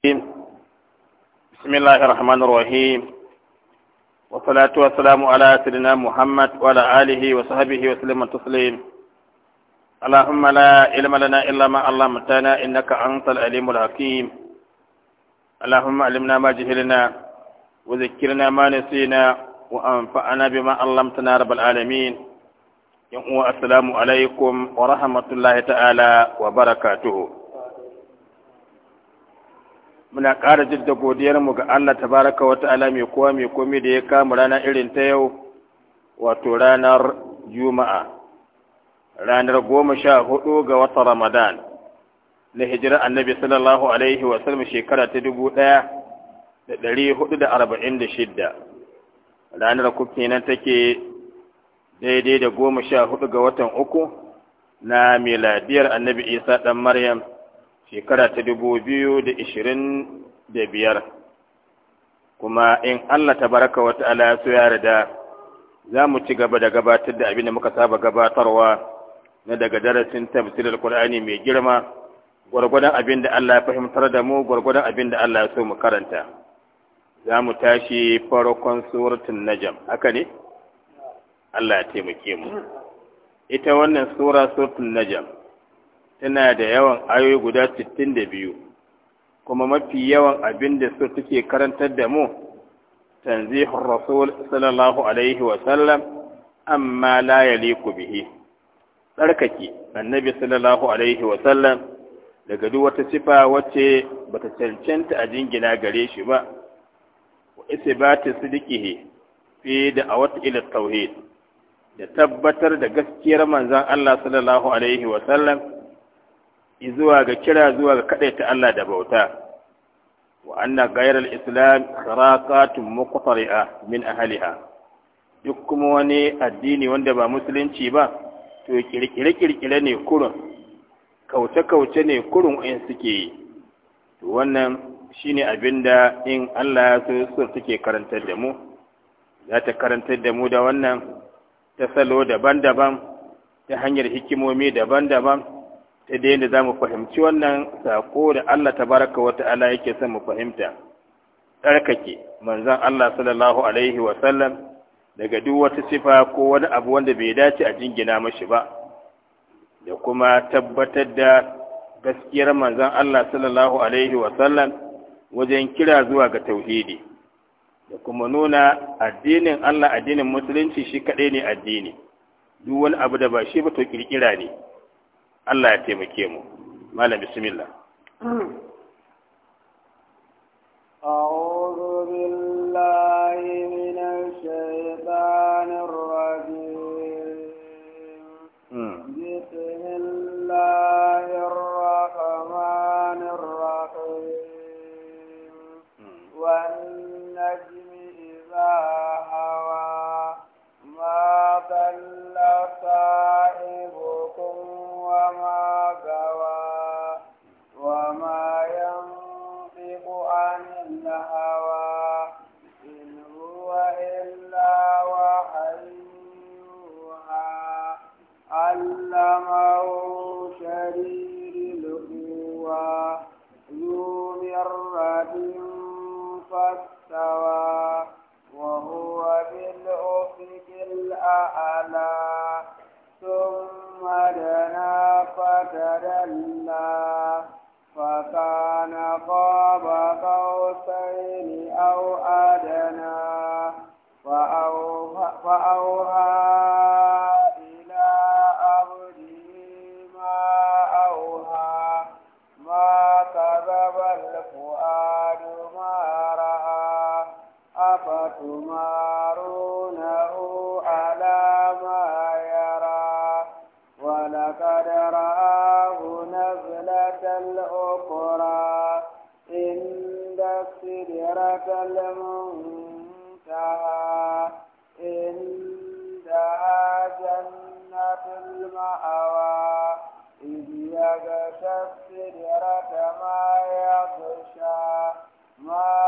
بسم الله الرحمن الرحيم والصلاة والسلام على سيدنا محمد وعلى آله وصحبه وسلم تسليم اللهم لا علم لنا إلا ما علمتنا إنك أنت العليم الحكيم اللهم علمنا ما جهلنا وذكرنا ما نسينا وأنفعنا بما علمتنا رب العالمين يقول السلام عليكم ورحمة الله تعالى وبركاته muna ƙara da godiyarmu ga Allah baraka wa ta'ala mai kowa mai komai da ya kama rana irin ta yau wato ranar juma'a ranar goma sha hudu ga watan ramadan na hijira annabi sallallahu alaihi wasallam shekara ta dubu ɗaya da ɗari hudu da arba'in da shidda ranar kukina nan take daidai da goma sha hudu ga watan uku na miladiyar annabi isa ɗan maryam shekara ta dubu biyu da ishirin da biyar kuma in Allah ta baraka wata ta'ala ya so ya da za mu ci gaba da gabatar da abin da muka saba gabatarwa na daga darasin tafsirar Qur'ani mai girma gwargwadon abin da Allah ya fahimtar da mu gwargwadon abin da Allah ya so mu karanta za mu tashi farkon suratul najm haka ne Allah ya taimake mu ita wannan sura suratul najm tana da yawan ayoyi guda da biyu, kuma mafi yawan abin da su suke karantar da mu tanzihur rasul sallallahu alaihi wa amma la yaliku bihi Tsarkaki, annabi sallallahu alaihi wa daga duk wata sifa wacce bata cancanta a jingina gare shi ba wa isbatu da a wata ila tauhid da tabbatar da gaskiyar manzon Allah sallallahu alaihi wa zuwa ga kira zuwa ga ta Allah da bauta wa anna al islam kharaqatun muqtari'a min ahliha duk kuma wani addini wanda ba musulunci ba to kirkire kirkire ne kurun kauce kauce ne kurun in suke yi to wannan shine abinda in Allah ya so suke karantar da mu za ta karantar da mu da wannan ta salo daban-daban ta hanyar hikimomi daban-daban da yadda za mu fahimci wannan sako da Allah Ta baraka wa ta'ala yake son mu fahimta tsarkake manzon Allah sallallahu alaihi wa sallam daga duk wata sifa ko wani abu wanda bai dace a jingina mashi ba da kuma tabbatar da gaskiyar manzan Allah sallallahu alaihi wa sallam wajen kira zuwa ga tauhidi da kuma nuna addinin Allah addinin musulunci shi kaɗai ne addini duk wani abu da ba shi ba to kirkira ne Allah ya taimake mu malam bismillah أعوذ بالله المأوى إذ يغشى السدرة ما يغشى ما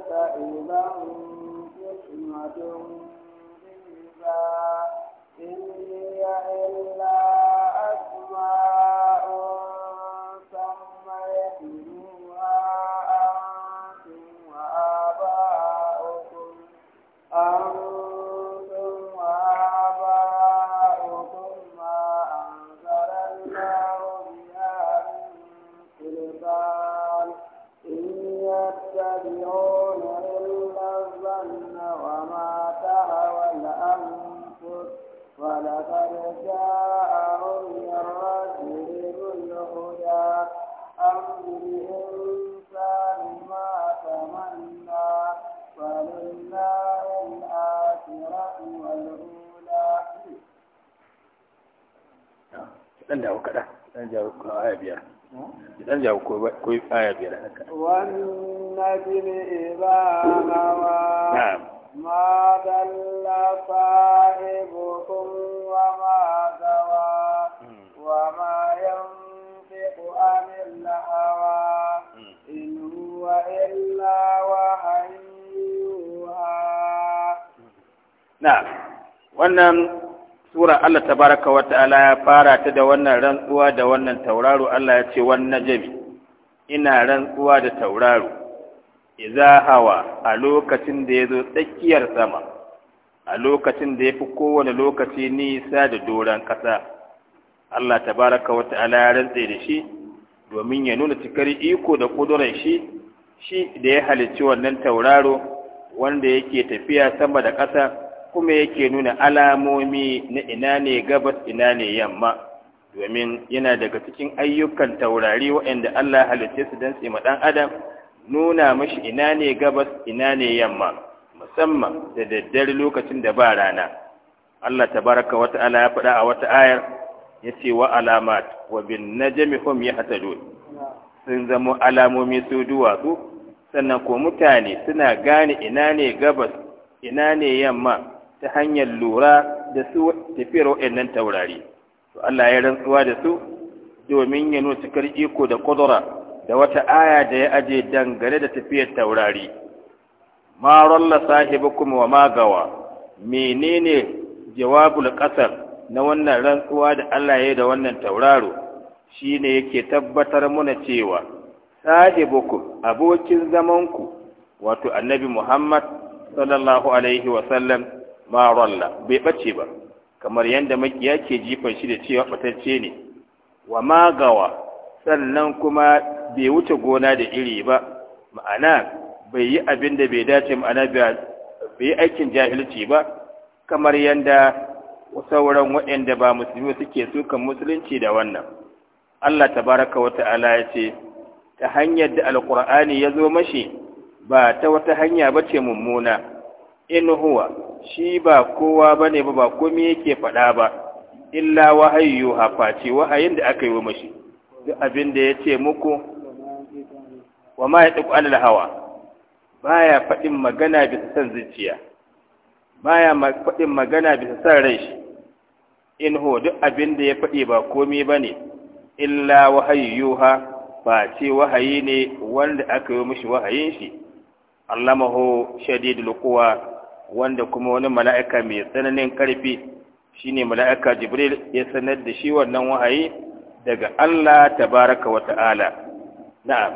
تقريبا حكمة إلا إلا dan dawo kada hmm? dan jawo ko aya biyar dan jawo ko ko aya biyar wan hawa na'am ma dalla sahibukum wa ma dawa hmm. wa ma yanfiqu hawa hmm. in huwa illa na'am wannan sura Allah tabaraka wa ta'ala ya fara ta da wannan rantsuwa da wannan tauraro Allah ya ce wannan jami, ina rantsuwa da tauraro idza hawa a lokacin da ya zo tsakiyar sama a lokacin da ya fi kowane lokaci nisa da doron ƙasa. Allah tabaraka wa ta'ala ya rantse da shi domin ya nuna cikar iko da kudurar shi shi da ya halicci wannan tauraro wanda yake tafiya sama da ƙasa kuma yake nuna alamomi na ina ne gabas ina ne yamma domin yana daga cikin ayyukan taurari waɗanda Allah halitta su don tsima ɗan adam nuna mashi ina ne gabas ina ne yamma musamman da daddare lokacin da ba rana Allah tabaraka wa ta'ala ya faɗa a wata ayar ya ce wa alamat wa bin najmi hum yahtadun sun zama alamomi su duwatsu sannan ko mutane suna gane ina ne gabas ina ne yamma ta hanyar lura da su tafiyar waɗannan taurari to Allah ya rantsuwa da su domin ya nuna cikar iko da kudura da wata aya da ya aje dangane da tafiyar taurari ma ralla sahibukum wa ma gawa menene jawabul qasar na wannan rantsuwa da Allah ya yi da wannan tauraro shine yake tabbatar muna cewa sahibukum abokin zamanku wato annabi Muhammad sallallahu alaihi wa ma ralla bai bace ba kamar yadda makiya ke jifan shi da cewa batacce ne wa gawa sannan kuma bai wuce gona da iri ba ma'ana bai yi abin da bai dace ma'ana bai yi aikin jahilci ba kamar yadda sauran waɗanda ba musulmi suke sukan musulunci da wannan Allah tabaraka wa ta'ala ya ce ta hanyar da alƙur'ani ya zo mashi ba ta wata hanya ba ce mummuna in huwa shi ba kowa bane ba ba komai yake faɗa ba illa wahayu hafaci wahayin da aka yi wa mashi duk abin da ya ce muku wa ma ya ɗiku alal hawa baya faɗin magana bisa san zuciya baya faɗin magana bisa san rai shi in huwa duk abin da ya faɗi ba komai bane illa wahayu ha ba ce wahayi ne wanda aka yi mishi wahayin shi maho shadidul quwa wanda kuma wani mala'ika mai tsananin ƙarfi shine mala'ika jibril ya sanar da shi wannan wahayi daga Allah baraka wa ta'ala na'am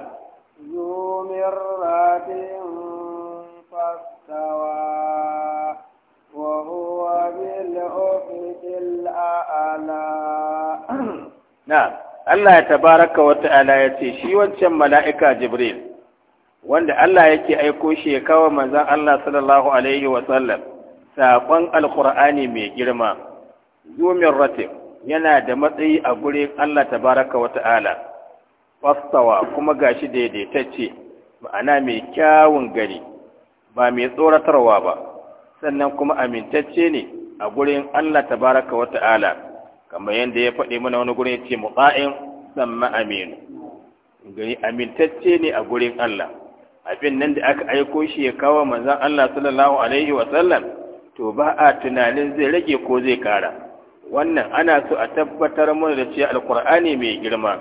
Allah ya tabaraka wa ta'ala ya ce shi wancan mala'ika jibril wanda Allah yake aiko shi ya kawo manzon Allah sallallahu alaihi wa sallam saƙon alƙur'ani mai girma zumin ratif yana da matsayi a gurin Allah tabaraka wa ta'ala fastawa kuma gashi daidaitacce ma'ana mai kyawun gari ba mai tsoratarwa ba sannan kuma amintacce ne a gurin Allah tabaraka wa ta'ala kamar yadda ya faɗi mana wani gurin ya ce mutsa'in samma aminu gari amintacce ne a gurin Allah abin nan da aka aiko shi ya kawo manzan Allah sallallahu alaihi wa to ba a tunanin zai rage ko zai kara wannan ana so a tabbatar mana da cewa alqur'ani mai girma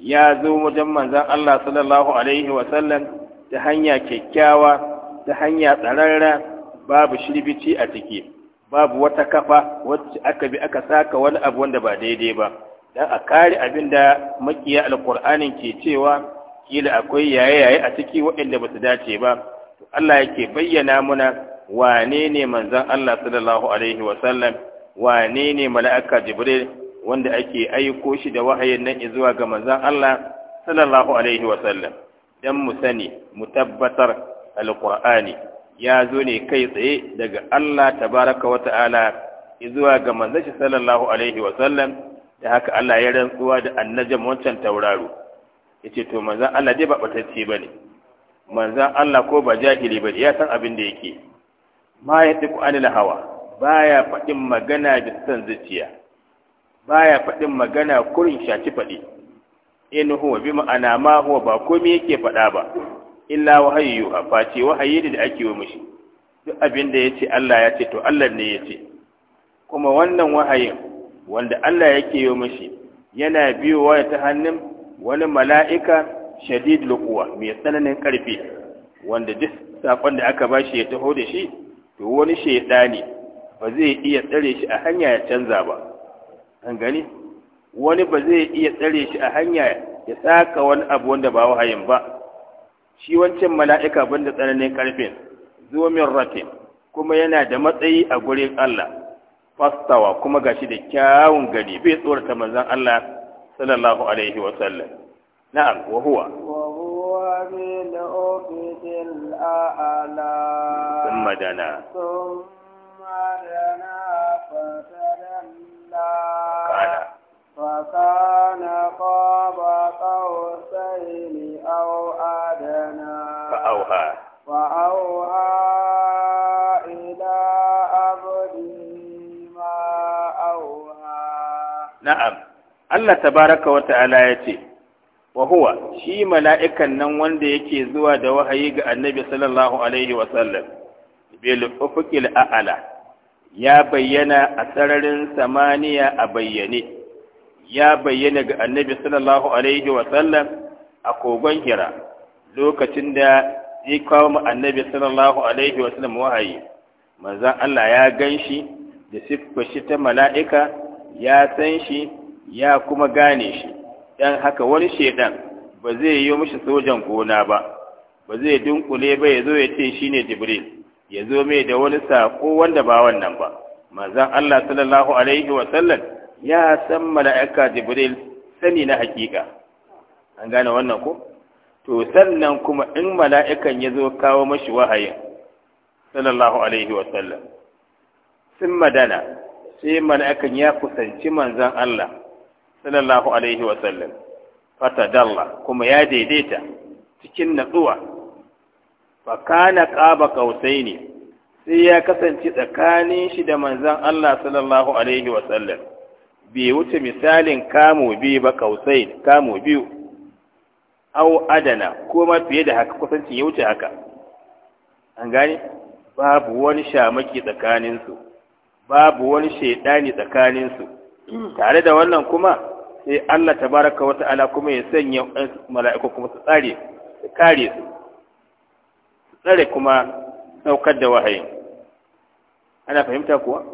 ya zo wajen manzon Allah sallallahu alaihi wa ta hanya kyakkyawa ta hanya tsararra babu shirbici a ciki babu wata kafa wacce aka bi aka saka wani abu wanda ba daidai ba dan a kare abin da makiya alqur'anin ke cewa kila akwai yaye-yaye a ciki waɗanda ba su dace ba to Allah yake bayyana muna wane ne manzon Allah sallallahu alaihi wa sallam wane ne mala'ika Jibril wanda ake aiko shi da wahayin nan zuwa ga manzon Allah sallallahu alaihi wa sallam dan mu sani mu tabbatar alqur'ani ya zo ne kai tsaye daga Allah tabaraka wa ta'ala zuwa ga manzon sallallahu alaihi wa sallam da haka Allah ya rantsuwa da annajin wancan tauraro yace to manzan Allah dai ba batacce bane manzan Allah ko ba jahili bane ya san abin da yake ma ya yatiku anil hawa baya faɗin magana da san zuciya baya faɗin magana kurin shaci faɗi in huwa bi ma'ana ma huwa ba komai yake faɗa ba illa Wahayyu a face wahayi da ake wa mishi duk abin da yace Allah ya ce to Allah ne yace kuma wannan wahayin wanda Allah yake yi mishi yana biyowa ta hannun wani mala'ika shadid lukuwa mai tsananin karfi wanda duk sakon da aka ba shi ya taho da shi to wani ne ba zai iya tsare shi a hanya ya canza ba an gani wani ba zai iya tsare shi a hanya ya saka wani abu wanda ba wahayin ba shi wancan mala'ika banda tsananin ƙarfi zuwa min ratin kuma yana da matsayi a gurin Allah fastawa kuma gashi da kyawun gani bai tsorata manzon Allah sallallahu alaihi wa sallam na'am wa huwa wa bil ufqil a'la thumma dana thumma dana fatadalla kana fa kana Allah tabaraka wa ta'ala ya ce wa huwa shi mala'ikan nan wanda yake zuwa da wahayi ga annabi sallallahu alaihi wa bil ufukil a'ala, ya bayyana a sararin samaniya a bayyane ya bayyana ga annabi sallallahu alaihi wa a kogon hira lokacin da ya kawo mu annabi sallallahu alaihi wa wahayi manzon Allah ya gan shi da siffashi shi ta mala'ika ya san shi ya kuma gane shi dan haka wani shedan ba zai yi mishi sojan gona ba ba zai dunkule ba ya zo ya ce shi ne jibril ya zo mai da wani sako wanda ba wannan ba manzon Allah sallallahu alaihi wa sallam ya san mala'ika jibril sani na hakika an gane wannan ko to sannan kuma in mala'ikan ya zo kawo mashi wahayi sallallahu alaihi wa sallam sun madana sai mala'ikan ya kusanci manzon Allah sallallahu alaihi wa sallam fatadalla kuma ya daidaita cikin natsuwa fa kana qaba qausaini sai ya kasance tsakanin shi da manzon Allah sallallahu alaihi wa sallam bai wuce misalin kamu biyu ba kausain kamu biyu au adana kuma fiye da haka kusanci ya wuce haka an gane babu wani shamaki tsakaninsu babu wani shaidani tsakaninsu tare da wannan kuma sai Allah tabaraka wa ta'ala kuma ya sanya mala'iku kuma su tsare su kare su tsare kuma saukar da wahayin ana fahimta kuwa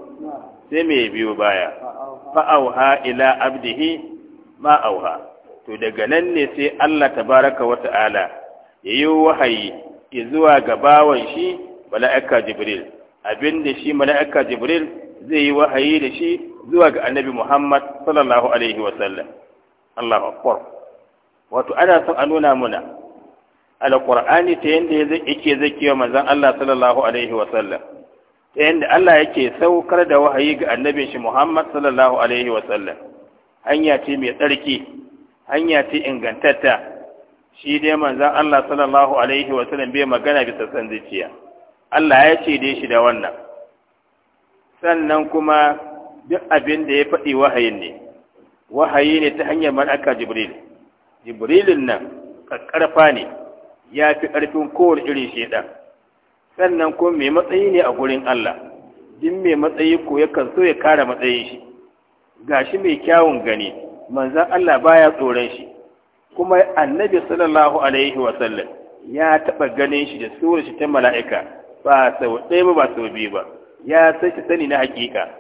sai mai biyo baya fa'auha ila abdihi ma to daga nan ne sai Allah tabaraka wa ta'ala yi wahayi ya zuwa ga bawan shi mala'ika jibril Abin da shi mala'ika jibril zai yi wahayi da shi zuwa ga annabi Muhammad sallallahu alaihi wa sallam Allahu akbar wato ana son a nuna muna alqur'ani ta yanda yake zakewa manzon Allah sallallahu alaihi wa sallam ta yanda Allah yake saukar da wahayi ga annabin shi Muhammad sallallahu alaihi wa sallam hanya ce mai tsarki hanya ce ingantatta shi dai manzon Allah sallallahu alaihi wa sallam bai magana bisa san zuciya Allah ya ce dai shi da wannan sannan kuma duk abin da ya faɗi wahayin ne wahayi ne ta hanyar mala'ika jibril jibrilin nan ƙarƙarfa ne ya fi ƙarfin kowane irin shaidan sannan ko mai matsayi ne a gurin Allah duk mai matsayi ko yakan so ya kara matsayin shi Ga shi mai kyawun gani manzan Allah baya tsoron shi kuma annabi sallallahu alaihi wa sallam ya taɓa ganin shi da surar shi ta mala'ika ba sau ɗaya ba sau biyu ba ya sai shi sani na hakika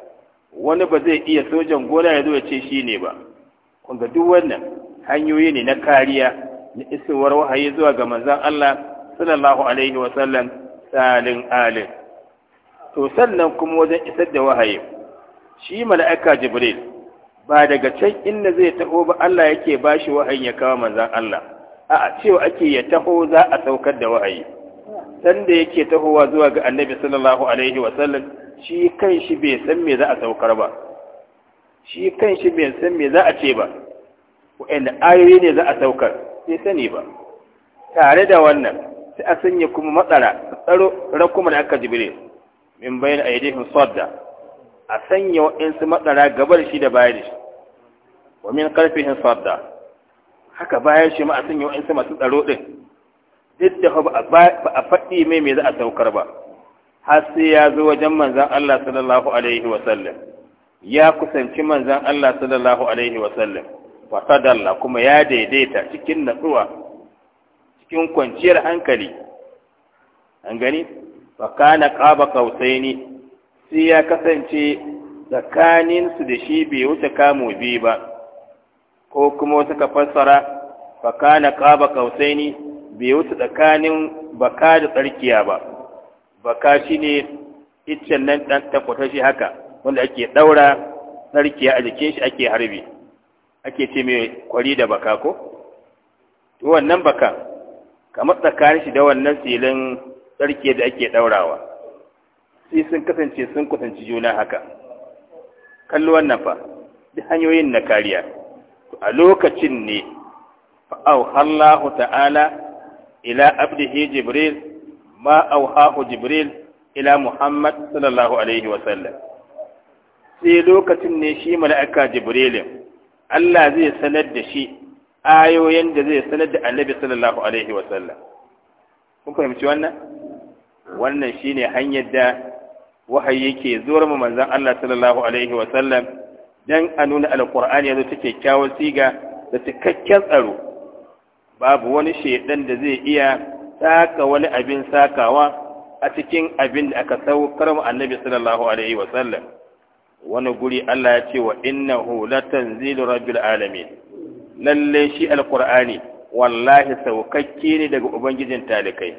wani ba zai iya sojan gona ya zo ya ce shi ne ba kunga duk wannan hanyoyi ne na kariya na isowar wahayi zuwa ga manzan Allah sallallahu alaihi wa sallam salin alin to sannan kuma wajen isar da wahayi shi mala'ika jibril ba daga can inda zai taho ba Allah yake ba shi wahayin ya kawo manzan Allah a'a cewa ake ya taho za a saukar da wahayi sanda yake tahowa zuwa ga annabi sallallahu alaihi wa sallam shi kan shi bai san me za a saukar ba shi kan shi bai san me za a ce ba wa'anda ayoyi ne za a saukar sai sani ba tare da wannan sai a sanya kuma matsara tsaro da aka jibire min bayan aidihim sadda a sanya wa'ansu matsara gabar shi da bayan shi wa min karfihin sadda haka bayan shi ma a sanya wa'ansu masu tsaro din duk da ba a faɗi mai me za a saukar ba har sai ya zo wajen manzan Allah sallallahu alaihi wasallam ya kusanci manzan Allah sallallahu alaihi wasallam fasadalla kuma ya daidaita cikin natsuwa cikin kwanciyar hankali an gani kana qaba kausaini sai ya kasance tsakaninsu da shi bai wuce kamo biyu ba ko kuma wasu ka fa kana qaba kausaini bai wuce tsakanin baka da tsarkiya ba baka shi ne iccen nan ɗan takwata shi haka wanda ake ɗaura narkiya a jikin shi ake harbi ake ce mai kwari da baka ko wannan baka kamar tsakanin shi da wannan silin tsarki da ake ɗaurawa sai sun kasance sun kusanci juna haka kallo wannan fa duk hanyoyin na kariya a lokacin ne fa'au Allah ta'ala ila abdihi jibril ma auha'u jibril ila muhammad sallallahu sai lokacin ne shi mala'ika jibrilin Allah zai sanar da shi ayoyin da zai sanar da annabi sallallahu alaihi fahimci wannan wannan shine hanyar da wahayi yake zuwar mu manzon Allah sallallahu alaihi dan a nuna Alƙur'ani alqur'ani ta take kyawar siga da cikakken tsaro babu wani shedan da zai iya saka wani abin sakawa a cikin abin da aka saukar mu annabi sallallahu alaihi wa sallam wani guri Allah ya ce wa innahu latanzilu rabbil alamin lalle shi alqur'ani wallahi saukakke ne daga ubangijin talikai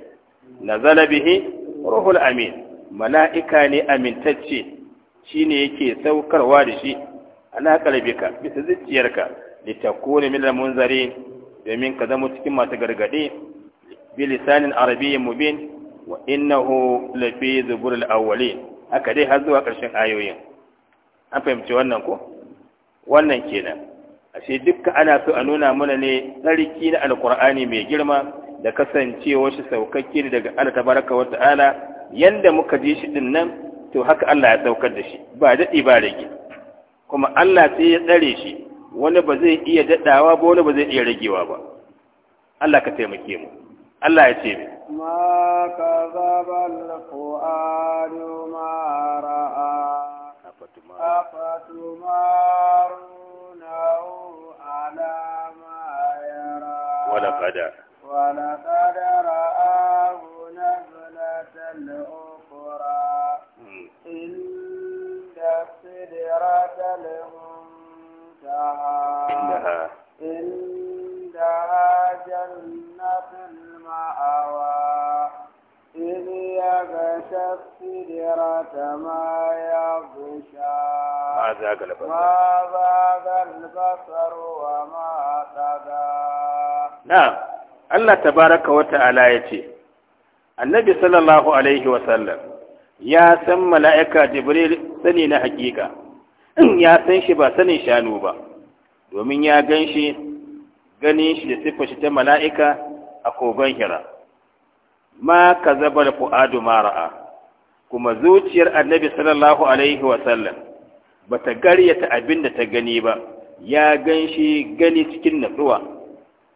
nazala bihi ruhul amin mala'ika ne amintacce shine yake saukarwa da shi ala kalbika bisa zuciyarka litakuna min almunzirin domin ka zama cikin masu gargade bilisanin arabiyyin mu bin innahu lafi zuburul awwalin haka dai zuwa ƙarshen ayoyin an fahimci wannan ko wannan kenan ashe dukka ana so a nuna mana ne tsarki na alkur'ani mai girma da kasance shi saukakke ne daga Allah tabaraka wa ta'ala yanda muka ji shi din nan to haka Allah ya saukar da shi ba daɗi ba rage kuma Allah sai ya tsare shi wani ba zai iya daɗawa ba wani ba zai iya ragewa ba Allah ka taimake mu الله يتيب ما كذب الفؤاد ما راى افتمارونه على ما يرى ولا ولا ولقد راه نزله اخرى عند السدره المنتهى عندها جنه مأوى إذ يغشى السدرة ما ya ما Allah ta baraka طغى نعم annabi sallallahu alaihi wasallam ya san mala'ika jibril sani na hakika in ya san shi ba sanin shanu ba domin ya gan shi ganin shi da siffar shi ta mala'ika a kogon hira ma ka zaba da fu'adu mara'a kuma zuciyar annabi sallallahu alaihi wa ba ta garyata abinda ta gani ba ya ganshi gani cikin natsuwa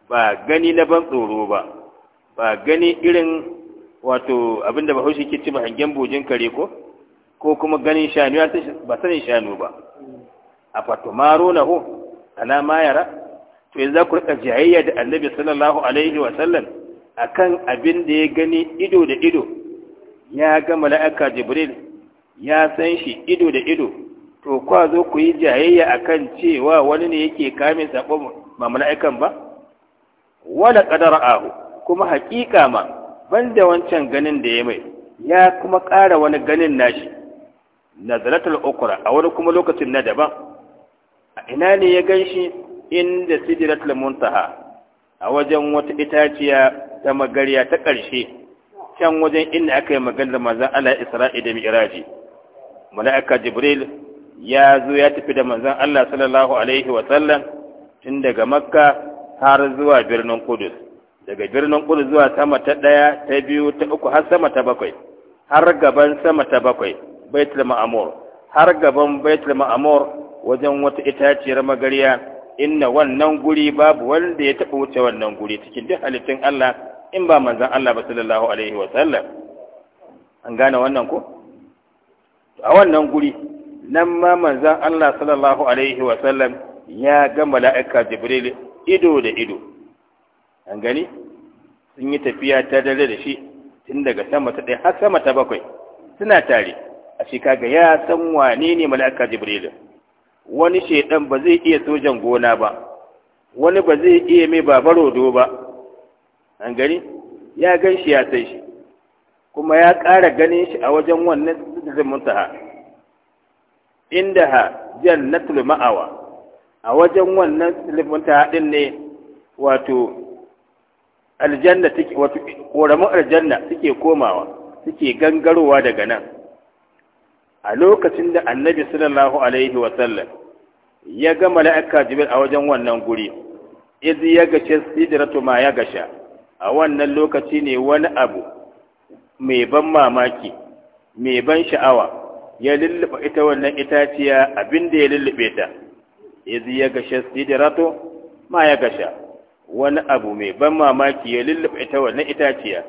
ba gani na ban tsoro ba ba gani irin wato abin da bahaushe ke ci ba hangen bojin kare ko ko kuma ganin shanu ba sanin shanu ba a fatumaro na ho ana ma to yanzu za ku rika jayayya da annabi sallallahu alaihi wa sallam akan abin da ya gani ido da ido ya ga mala'ika jibril ya san shi ido da ido to kwa zo ku yi jayayya akan cewa wani ne yake kame sabon ba mala'ikan ba wala qadara ahu kuma haƙiƙa ma banda wancan ganin da ya mai ya kuma ƙara wani ganin nashi nazaratul ukra a wani kuma lokacin na daban a ina ne ya ganshi inda sidratul muntaha a wajen wata itaciya ta magarya ta ƙarshe can wajen inda aka yi maganar manzan Allah Isra'i da Mi'raji mala'ika Jibril ya zo ya tafi da manzan Allah sallallahu alaihi wa sallam tun daga Makka har zuwa birnin Kudus daga birnin Kudus zuwa sama ta ɗaya ta biyu ta uku har sama ta bakwai har gaban sama ta bakwai Baitul Ma'mur har gaban Baitul Ma'mur wajen wata itaciyar magarya inna wannan guri babu wanda ya taɓa wuce wannan guri cikin duk halittun Allah in ba manzan Allah ba sallallahu alaihi wa sallam an gane wannan ko a wannan guri nan ma manzan Allah sallallahu alaihi wa sallam ya ga mala'ika Jibril ido da ido an gani sun yi tafiya ta dare da shi tun daga sama ta ɗaya har sama ta bakwai suna tare a shi kaga ya san wane ne mala'ika Jibril wani shaidan ba zai iya sojan gona ba wani ba zai iya mai babarodo ba an gani ya gan shi ya sai shi kuma ya ƙara ganin shi a wajen wannan sirrin muntaha inda ha jannatul ma'awa a wajen wannan sirrin muntaha ɗin ne wato aljanna take wato ƙoramin aljanna suke komawa suke gangarowa daga nan a lokacin da annabi sallallahu alaihi sallam ya ga mala'ika jibril a wajen wannan guri idan ya ce sidratu ma ya gasha a wannan lokaci ne wani abu mai ban mamaki mai ban sha'awa ya lulluɓa ita wannan itaciya abin da ya lullube ta idan ya ce sidratu ma ya gasha wani abu mai ban mamaki ya lulluɓa ita wannan itaciya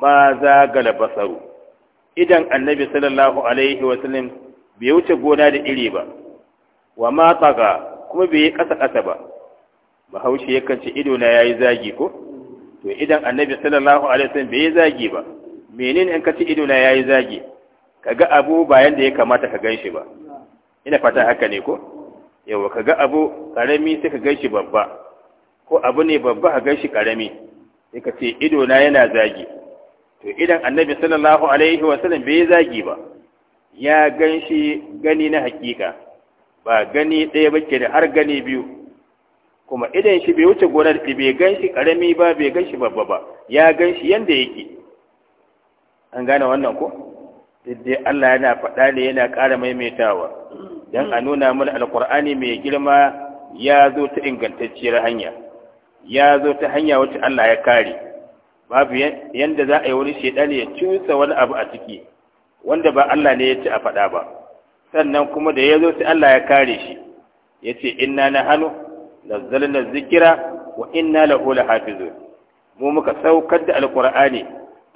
ma za galabasaru idan annabi sallallahu alaihi wasallam bai wuce gona da iri ba wa ma tsaga kuma bai yi ƙasa-ƙasa ba bahaushe yakan ce idona ya yi zagi ko to idan annabi sallallahu alaihi wasallam bai yi zagi ba menene in ka ce idona ya yi zagi kaga abu ba yanda ya kamata ka ganshi ba ina fata haka ne ko yawa kaga abu karami sai ka ganshi babba ko abu ne babba ka ganshi karami sai ka ce idona yana zagi to idan annabi sallallahu alaihi wasallam bai zagi ba ya gan gani na hakika ba gani ɗaya ba ke da har gani biyu kuma idan shi bai wuce gonar da bai gan shi ƙarami ba bai gan babba ba ya gan shi yadda yake an gane wannan ko dai Allah yana faɗa ne yana ƙara maimaitawa don a nuna mana alƙur'ani mai girma ya zo ta ingantacciyar hanya ya zo ta hanya wacce Allah ya kare babu yanda za a yi wani ne ya cusa wani abu a ciki wanda ba Allah ne ya ci a faɗa ba sannan kuma da ya zo sai Allah ya kare shi ya ce inna na hannu nazzalna zikira wa inna lahu Hafizu. mu muka saukar da alqur'ani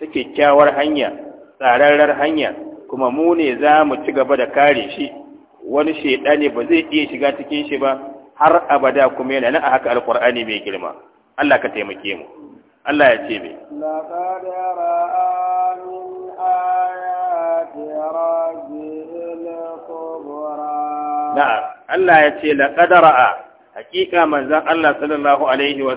ta kyakkyawar hanya tsararrar hanya kuma mu ne za mu ci gaba da kare shi wani ne ba zai iya shiga cikin shi ba har abada kuma yana na a haka alqur'ani mai girma Allah ka taimake mu Allah ya ce me laqad ra'a min ayati rabbil kubra Allah ya ce laqad ra'a hakika manzan Allah sallallahu alaihi wa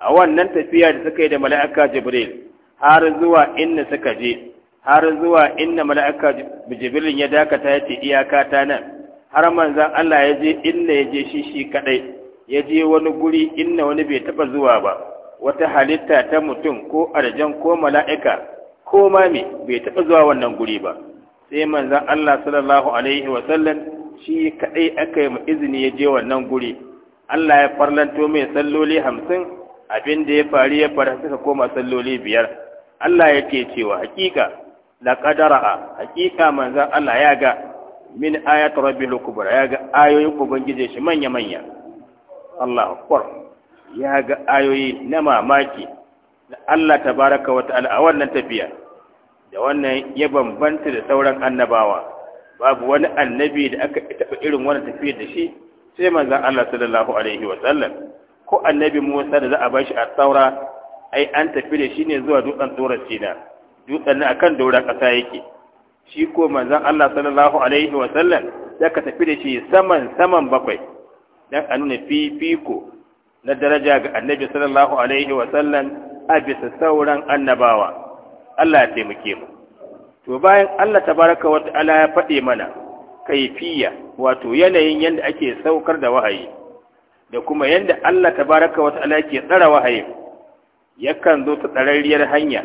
a wannan tafiya da suka yi da mala'ika Jibril har zuwa inna suka je har zuwa inna mala'ika Jibril ya dakata ya ce iyaka ta nan har manzan Allah ya je inna ya je shi shi kaɗai, ya je wani guri inna wani bai taɓa zuwa ba wata halitta ta mutum ko arjan ko mala'ika ko ma bai taɓa zuwa wannan guri ba sai manzan Allah sallallahu alaihi wasallam shi kaɗai aka yi izini ya je wannan guri Allah ya farlanto mai salloli hamsin abin da ya faru ya fara suka koma salloli biyar Allah ya ke cewa hakika la a hakika manzan Allah ya ga min ayat rabbil kubra ya ga ayoyin ubangije shi manya manya Allahu ya ga ayoyi na mamaki na Allah tabaraka wa ta'ala a wannan tafiya da wannan ya bambanta da sauran annabawa babu wani annabi da aka taɓa irin wannan tafiyar da shi sai manzon Allah sallallahu alaihi wa sallam ko annabi Musa da za a shi a saura ai an tafi da shi ne zuwa dutsen tsoron Sina dutsen na akan dora ƙasa yake shi ko manzon Allah sallallahu alaihi wa sallam ka tafi da shi saman saman bakwai dan a nuna fifiko na daraja ga annabi sallallahu alaihi wa sallam a bisa sauran annabawa Allah ya taimake mu to bayan Allah tabaraka wa ta'ala ya faɗe mana kaifiya wato yanayin yanda ake saukar da wahayi da kuma yanda Allah tabaraka wa ta'ala ke tsara wahayi yakan zo ta tsararriyar hanya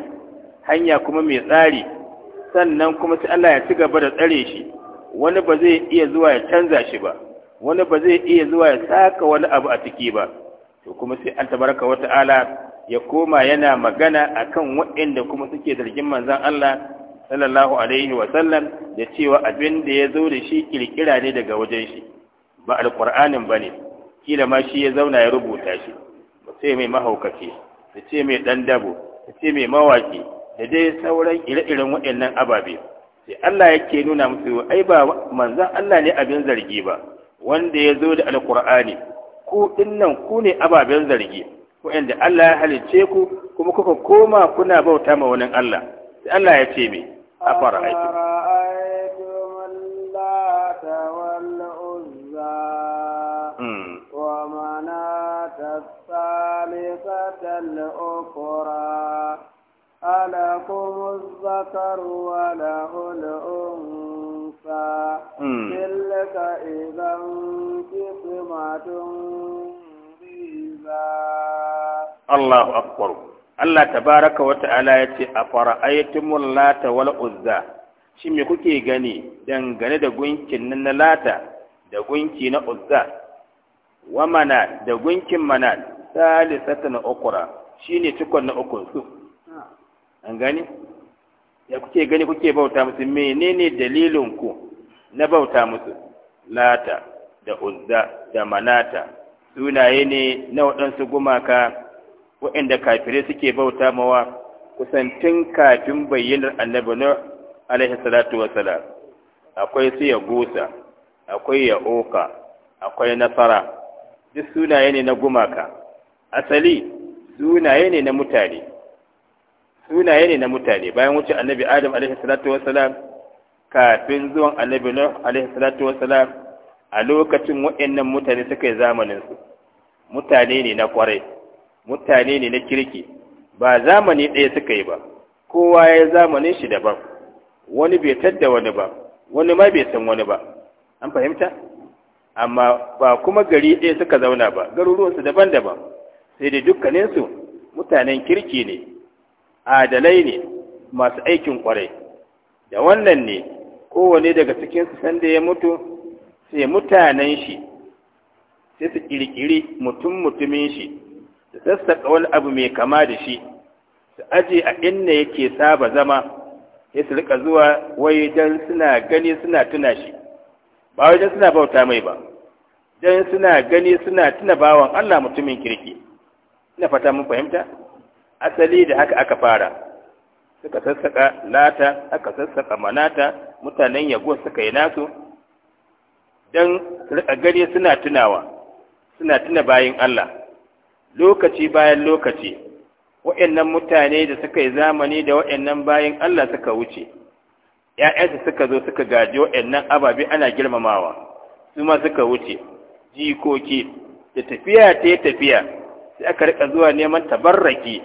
hanya kuma mai tsari sannan kuma sai Allah ya ci gaba da tsare shi wani ba zai iya zuwa ya canza shi ba wani ba zai iya zuwa ya saka wani abu a ciki ba to kuma sai an tabaraka wa ta'ala ya koma yana magana akan waɗanda kuma suke zargin manzon Allah sallallahu alaihi wa sallam da cewa abin da ya zo da shi kirkira ne daga wajen shi ba alqur'anin bane kila ma shi ya zauna ya rubuta shi sai mai mahaukaci da ce mai dan dabo da ce mai mawaki da dai sauran ire-iren waɗannan ababe sai Allah yake nuna musu ai ba manzon Allah ne abin zargi ba wanda ya zo da alqur'ani ku dinnan ku ne ababen zargi inda Allah ya halice ku kuma kuka koma kuna bauta ma wani Allah sai Allah ya ce me a fara aiki ألكم الذكر وله الأنثى تلك إذا قسمة ضيزى الله أكبر Allah tabaraka wa ta'ala ya ce, A fara'aitumul lata wal uzza, shi me kuke gani dangane da gunkin na lata da gunki na uzza, wa mana da gunkin mana salisata na ukura shi ne cikon na ukun su, an gani? da kuke gani kuke bauta musu menene dalilin ku na bauta musu lata da uzza da manata sunaye ne na waɗansu gumaka waɗanda kafirai suke bauta mawa kusantin kafin bayyanar annabi na alaihi salatu wassalam akwai su ya gusa akwai ya oka akwai nasara duk sunaye ne na gumaka asali sunaye ne na mutane sunaye ne na mutane bayan wuce annabi adam alaihi salatu wassalam kafin zuwan annabi nuh alaihi salatu wassalam a lokacin waɗannan mutane suka yi zamanin su mutane ne na kwarai mutane ne na kirki ba zamani ɗaya suka yi ba kowa ya yi zamanin shi daban wani bai tadda wani ba wani ma bai san wani ba an fahimta amma ba kuma gari ɗaya suka zauna ba garuruwansu daban-daban sai da dukkaninsu mutanen kirki ne adalai ne masu aikin kwarai da wannan ne kowane daga cikinsu su sanda ya mutu sai mutanen shi sai su kirkiri mutum mutumin shi su sassaƙa wani abu mai kama da shi su aje a inda yake saba zama sai su rika zuwa wai don suna gani suna tuna shi ba wajen suna bauta mai ba don suna gani suna tuna bawan Allah mutumin kirki ina fata mun fahimta asali da haka aka fara suka sassaƙa lata aka sassaƙa manata mutanen yago suka yi nasu don rika gari suna tunawa suna tuna bayan Allah lokaci bayan lokaci wa'annan mutane da suka yi zamani da wa'annan bayan Allah suka wuce ‘ya'yansu suka zo suka gaji wayannan ababe ana girmamawa su ma suka wuce jikoki da tafiya ta yi tafiya sai aka rika zuwa neman tabarraki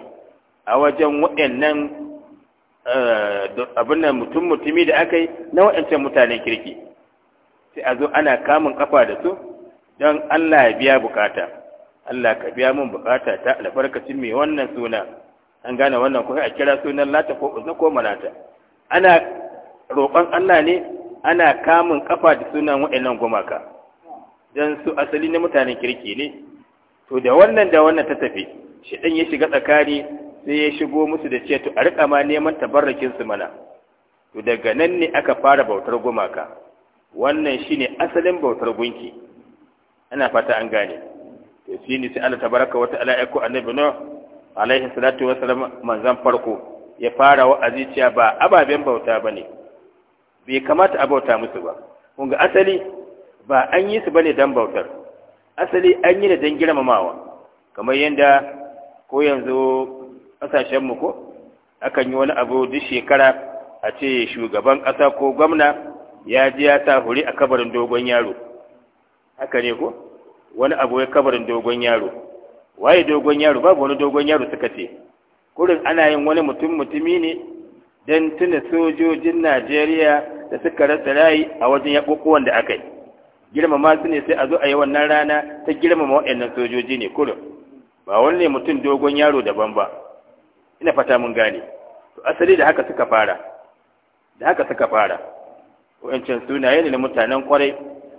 a wajen waɗannan eh, abin da mutum mutumi da aka yi na waɗancan mutanen kirki sai a zo ana kamun kafa da su don Allah ya biya bukata Allah ka biya min bukata ta albarkacin mai wannan suna an gane wannan kuma a kira sunan lata ko uzza ko malata ana roƙon Allah ne ana kamun kafa da sunan waɗannan gumaka don su asali na mutanen kirki ne to da wannan da wannan ta tafi shi ya shiga tsakani sai ya shigo musu da ceto a riƙa ma neman tabarrakinsu mana to daga nan ne aka fara bautar gumaka wannan shine asalin bautar gunki ana fata an gane to shi ne sai Allah tabaraka wa ta'ala ya ko annabi no alaihi salatu wa salam manzan farko ya fara wa'azi cewa ba ababen bauta bane bai kamata a bauta musu ba kun ga asali ba an yi su bane dan bautar asali an yi ne dan girmamawa kamar yanda ko yanzu ƙasashenmu ko akan yi wani abu duk shekara a ce shugaban ƙasa ko gwamna ya ji ya sa huri a kabarin dogon yaro haka ne ko wani abu ya kabarin dogon yaro waye dogon yaro babu wani dogon yaro suka ce kurin ana yin wani mutum mutumi ne don tuna sojojin najeriya da suka rasa rayi a wajen yaƙoƙuwan da aka yi girmama su ne sai a zo a yi wannan rana ta girmama waɗannan sojoji ne kurin ba wani mutum dogon yaro daban ba ina fata mun gane to asali da haka suka fara da haka suka fara wancan sunaye ne na mutanen kwarai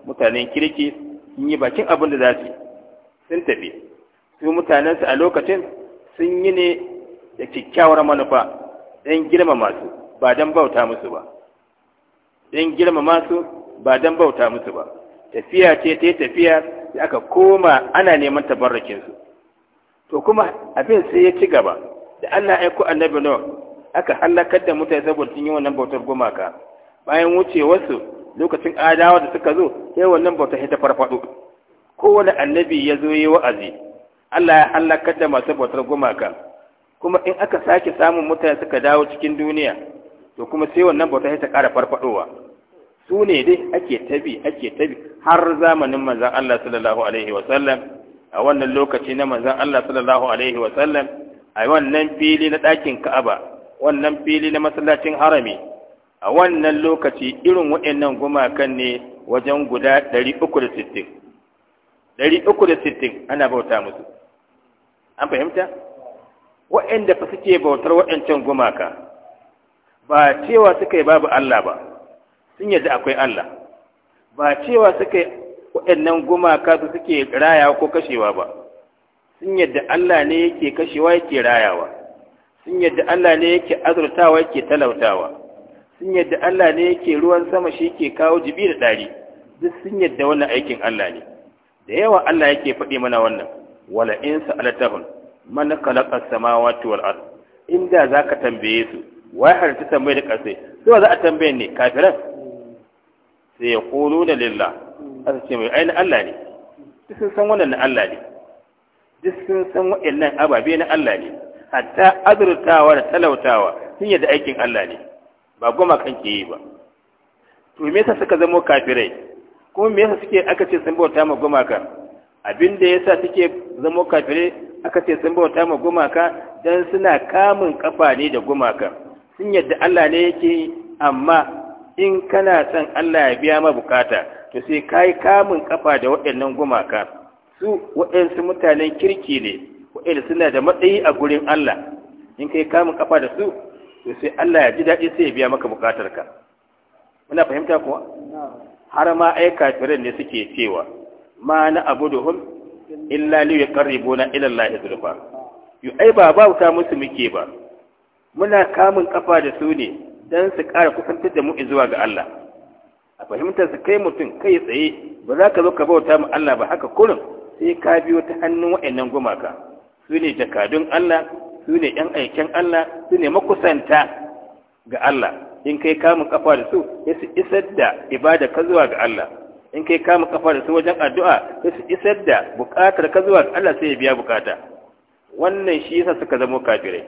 mutanen kirki sun yi bakin abin da za su sun tafi su mutanensu a lokacin sun yi ne da kyakkyawar manufa don girmama su ba don bauta musu ba don girmama su ba don bauta musu ba tafiya ce ta tafiya da aka koma ana neman tabarrakinsu to kuma abin sai ya ci gaba da Allah aiko annabi Nuh aka halakar da mutane saboda sun yi wannan bautar gumaka bayan wucewarsu lokacin adawa da suka zo sai wannan bautar ta farfado kowane annabi ya zo yi wa'azi Allah ya halakar da masu bautar gumaka kuma in aka sake samun mutane suka dawo cikin duniya to kuma sai wannan bautar ta ƙara farfadowa su ne dai ake tabi ake tabi har zamanin manzon Allah sallallahu alaihi wa sallam a wannan lokaci na manzon Allah sallallahu alaihi wa sallam a wannan fili na ɗakin ka'aba wannan fili na masallacin harami a wannan lokaci irin waɗannan gumakan ne wajen guda 360 360 ana bauta musu an fahimta waɗanda fa suke bautar waɗancan gumaka ba cewa suka yi babu Allah ba sun yadda akwai Allah ba cewa suka yi waɗannan gumaka su suke rayawa ko kashewa ba sun yadda Allah ne yake kashewa yake rayawa sun yadda Allah ne yake azurtawa yake talautawa sun yadda Allah ne yake ruwan sama shi yake kawo jibi da dari duk sun yadda wannan aikin Allah ne da yawa Allah yake faɗi mana wannan wala in sa'alatahum man khalaqa samawati wal ard inda zaka tambaye su wai har ta tambaye da kasai sai za a tambaye ne kafiran sai ya quluna lillah aka ce mai aina Allah ne sun san wannan Allah ne duk sun san waɗannan ababe na Allah ne hatta azurtawa da talautawa sun yadda aikin Allah ne ba goma kan ke yi ba to me yasa suka zamo kafirai kuma me yasa suke aka ce sun bauta ma gumaka abin da yasa suke zamo kafirai aka ce sun bauta ma gumaka dan suna kamun kafa ne da gumaka sun yadda Allah ne yake amma in kana son Allah ya biya ma bukata to sai kai kamun kafa da waɗannan gumaka su waɗansu mutanen kirki ne waɗanda suna da matsayi a gurin Allah in kai kamun kafa da su to sai Allah ya ji daɗi sai ya biya maka ka. muna fahimta kuwa har ma ai kafirin ne suke cewa ma na abuduhum illa li yuqarribuna ila Allah zulfa yu ai ba bauta musu muke ba muna kamun kafa da su ne dan su ƙara kusantar da mu zuwa ga Allah a fahimtar su kai mutum kai tsaye ba za ka zo ka bauta mu Allah ba haka kurin sai ka biyo ta hannun wa'annan gumaka su ne jakadun Allah su ne ‘yan aiken Allah su ne makusanta ga Allah in kai kamun kafa da su ya su isar da ibada ka zuwa ga Allah in kai kamun kafa da su wajen addu'a ya su isar da bukatar ka zuwa ga Allah sai ya biya bukata wannan shi yasa suka zamo kafirai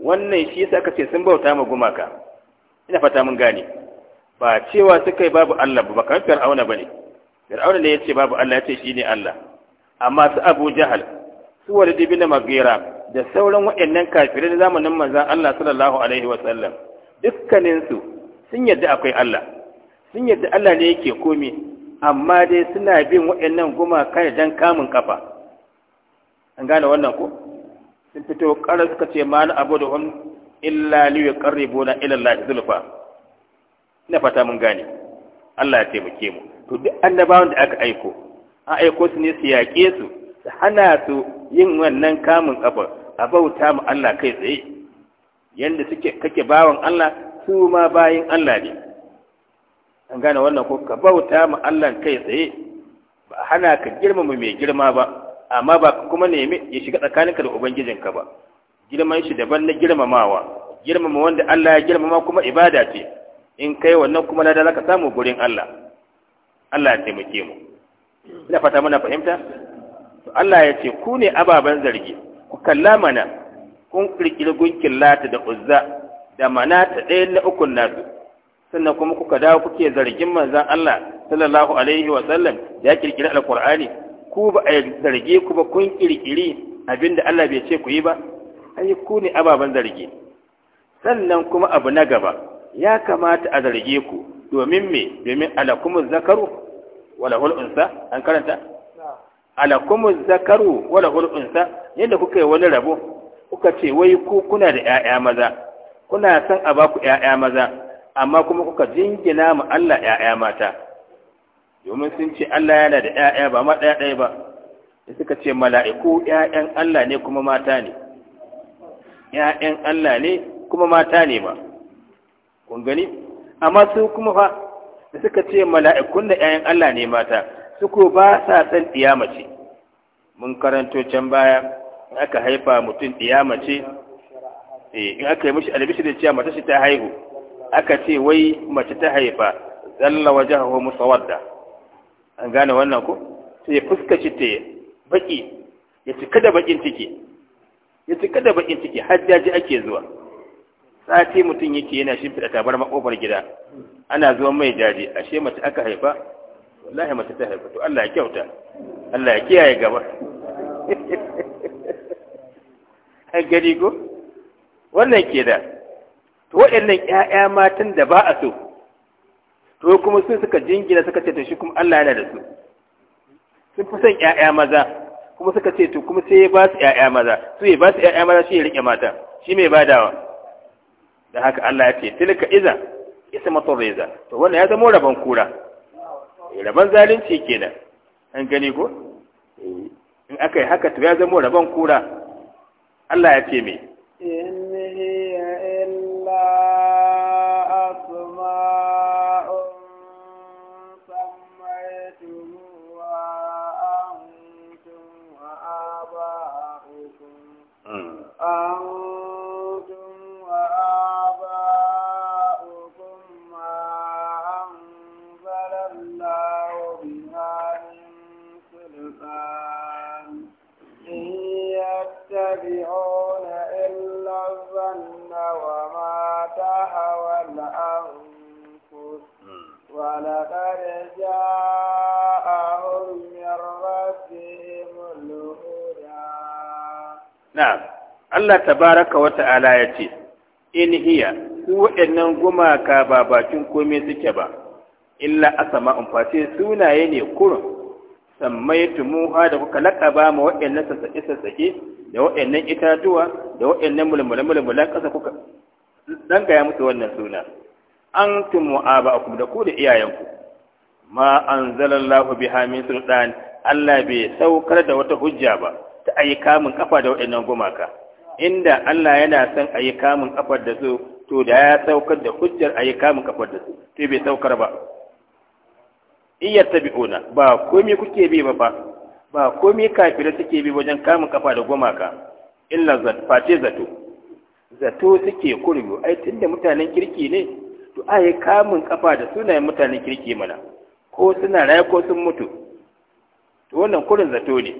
wannan shi yasa aka ce sun bauta ma gumaka ina fata mun gane ba cewa suka yi babu Allah ba ba kamar Fir'auna bane Fir'auna ne ya ce babu Allah ya ce shi ne Allah amma su abu jahal su wani dibi na magira da sauran wa'annan kafirai na zamanin manzon Allah sallallahu alaihi dukkanin dukkaninsu sun yadda akwai Allah sun yadda Allah ne yake komi amma dai suna bin goma kai dan kamun kafa an gane wannan ko sun fito ƙarar suka ce ma na abu da illa liyu qarribuna ila Allah zulfa ina fata mun gane Allah ya taimake mu to duk annabawan da aka aiko a aiko su ne su yaƙe su su hana su yin wannan kamun ƙafar a bauta mu Allah kai tsaye Yadda suke kake bawan Allah su ma bayin Allah ne an gane wannan ko ka bauta mu Allah kai tsaye ba hana ka girmama mai girma ba amma ba kuma nemi ya shiga tsakaninka da ubangijinka ba girman shi daban na girmamawa girmama wanda Allah ya girmama kuma ibada ce in kai wannan kuma lada ka samu gurin Allah Allah ya taimake mu ina fata mana fahimta Allah ya ce ku ne ababen zargi ku kalla mana kun kirkiri gunkin lata da uzza da ta ɗaya na ukun nasu sannan kuma kuka dawo kuke zargin manzan Allah sallallahu alaihi wa sallam ya kirkiri alqur'ani ku ba a zarge ku ba kun kirkiri abinda Allah bai ce ku yi ba ai ku ne ababen zargi sannan kuma abu na gaba ya kamata a zarge ku domin me domin alakumuz zakaru wala hulunsa an karanta alakumuz zakaru wala hulunsa yadda kuka yi wani rabo kuka ce wai ku kuna da ƴaƴa maza kuna san a baku ƴaƴa maza amma kuma kuka jingina mu Allah ƴaƴa mata domin sun ce Allah yana da ƴaƴa ba ma ɗaya ɗaya ba suka ce mala'iku ƴaƴan Allah ne kuma mata ne ƴaƴan Allah ne kuma mata ne ba kun gani amma su kuma fa da suka ce mala'ikun da ‘ya'yan Allah ne mata ko ba sa san ɗiyamace mun karanto can baya in aka haifa mutum ɗiyamace eh, in aka yi mishi albishi da cewa matashi ta haihu aka ce wai mace ta haifa zalla waje hau wadda. an gane wannan ku? sai fuskaci ta baki ya cika da bakin ciki ya cika da bakin ciki har daji ake zuwa sati mutum yake yana shimfiɗa tabar makofar gida ana zuwa mai jaje ashe mace aka haifa wallahi mace ta haifa to Allah ya kyauta Allah ya kiyaye gaba ai gari ko wannan ke da to waɗannan ƴaƴa matan da ba a so to kuma su suka jingina suka ce to shi kuma Allah yana da su sun fi son ƴaƴa maza kuma suka ce to kuma sai ya ba su ƴaƴa maza su ya ba su ƴaƴa maza shi ya rike mata shi mai badawa da haka Allah ya ce tilka iza ismatun reza to wannan ya zama rabon kura eh, rabon zalunci kenan an gani ko eh, in aka yi haka to ya zama rabon kura Allah ya ce me Allah ta baraka wata ta'ala ya ce in hiya ku waɗannan gumaka ba bakin komai suke ba illa asama'un face sunaye ne kurun sammaitumuha da kuka laƙaba ma waɗannan sassaƙe-sassaƙe da waɗannan itatuwa da waɗannan mulmulamulan ƙasa kuka dangaya musu wannan suna an tumu kuma da ku da iyayenku ma anzalallahu biha Allah bai saukar da wata hujja ba ta ayi kamun kafa da waɗannan gumaka inda Allah yana son a yi kamun kafar da su to da ya saukar da hujjar a yi kamun kafar da su to bai saukar ba iya tabi'una ba komai kuke bi ba fa ba komai kafira suke bi wajen kamun kafa da gumaka illa zat face zato zato suke kurbi ai tunda mutanen kirki ne to ai kamun kafa da sunayen mutanen kirki mana ko suna raye ko sun mutu to wannan kurin zato ne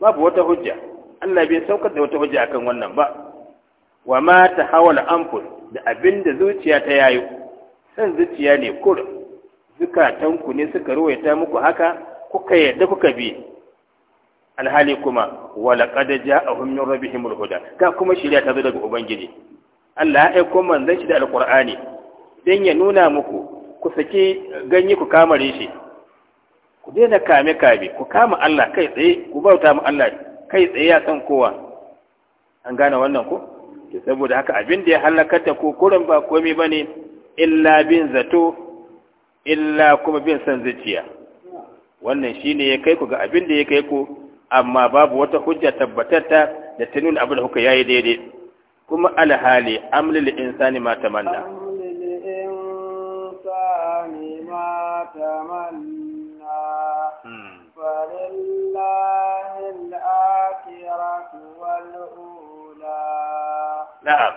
babu wata hujja Allah bai saukar da wata hujja akan wannan ba wa ma ta hawala anfus da abinda zuciya ta yayo san zuciya ne kur zukatanku ne suka ruwaita muku haka kuka yadda kuka bi alhali kuma wa laqad ja'ahum min rabbihim huda ka kuma shirya ta zo daga ubangiji Allah ya aika manzon shi da alqur'ani dan ya nuna muku ku saki ganye ku kamare shi ku daina kame kame ku kama Allah kai tsaye ku bauta mu Allah kai tsaye ya san kowa an gane wannan ko saboda haka abin da ya halakar ta ko kurin ba komai bane illa bin zato illa kuma bin san zuciya wannan shi ne ya kai ku ga abin da ya kai ku amma babu wata hujja ta da ta nuna abin da kuka yayi daidai kuma alhali amlil insani ma tamanna فلله Na'am,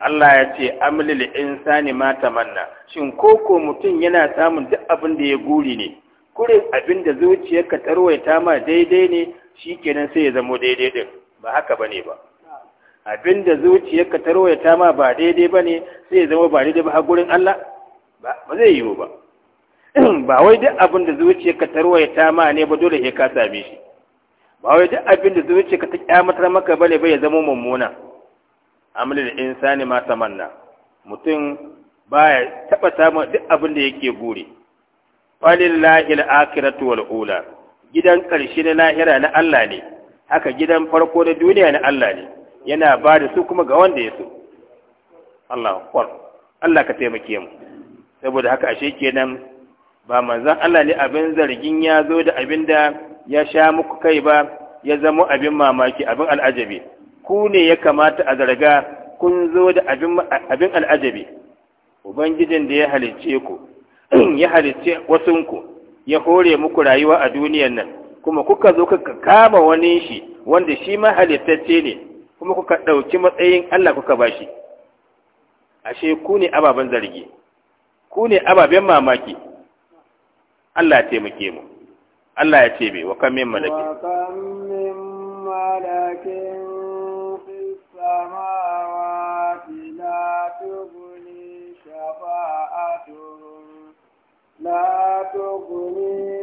Allah ya ce, Amlil insani ma tamanna, shin koko mutum yana samun duk abin da ya guri ne, kurin abin da zuciyarka tarwaita ma daidai ne, shi kenan sai ya zamo daidai din, ba haka ba ne ba. Abin da zuciyarka tarwaita ma ba daidai ba ne, sai ya zama ba daidai ba a gurin Allah, ba zai yiwu ba. Ba wai duk abin da zuciyarka tarwaita ma ne ba dole sai ka same shi. ba wai duk abin da zuci ka ta kyamatar maka bane bai ya zama mummuna amalin insani ma tamanna mutum baya taɓa samun duk abin da yake buri falillahi al-akhiratu wal ula gidan ƙarshe na lahira na Allah ne haka gidan farko na duniya na Allah ne yana ba da su kuma ga wanda ya so Allah Allah ka taimake mu saboda haka ashe kenan ba manzon Allah ne abin zargin ya zo da abin da ya sha muku kai ba ya zama abin mamaki abin al'ajabi ku ne ya kamata a zarga kun zo da abin al'ajabi ubangijin da ya halicce ku ya halicce wasunku ya hore muku rayuwa a duniyan nan kuma kuka zo kuka kama wani shi wanda shi ma halittacce ne kuma kuka ɗauki matsayin Allah kuka bashi ashe ku ne ababen zargi ku ne ababen mamaki Allah ya taimake mu Allah ya ce bai wa kan min malakin wa kan min malakin fis samawati la tughni shafa'atuhum la tughni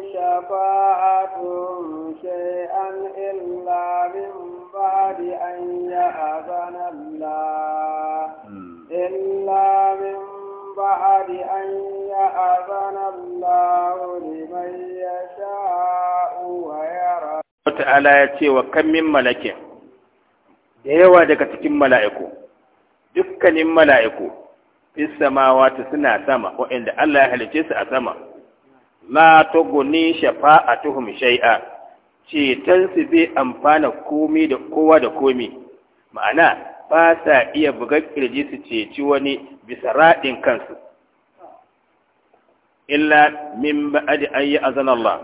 Allah hmm. illa بعد أن يأذن الله لمن يشاء ويرى تعالى يتي وكم من ملك da yawa daga cikin mala'iku dukkanin mala'iku fi samawati suna sama waɗanda Allah ya halice su a sama la tuguni shafa'atuhum shay'a ceton su bai amfana komai da kowa da komi ma'ana ba sa iya buga kirji su ceci wani bisa raɗin kansu illa min ba'adi an yi azan Allah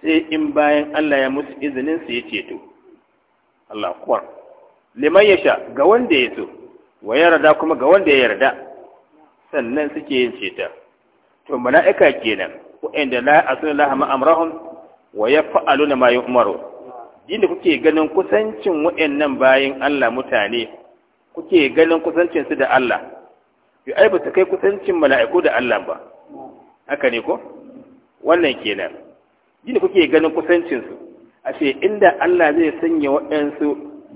sai in bayan Allah ya mutu izinin su ya ceto Allah kuwar liman ya sha ga wanda ya so wa yarda kuma ga wanda ya yarda sannan suke yin ceta to mala'ika kenan wa'anda la asuna lahama amrahum wa yaf'aluna ma yu'maru inda kuke ganin kusancin wa'annan bayin Allah mutane kuke ganin kusancinsu da Allah yi ai ba su kai kusancin mala'iku da Allah ba haka ne ko wannan kenan yi ne kuke ganin kusancinsu a ce inda Allah zai sanya waɗansu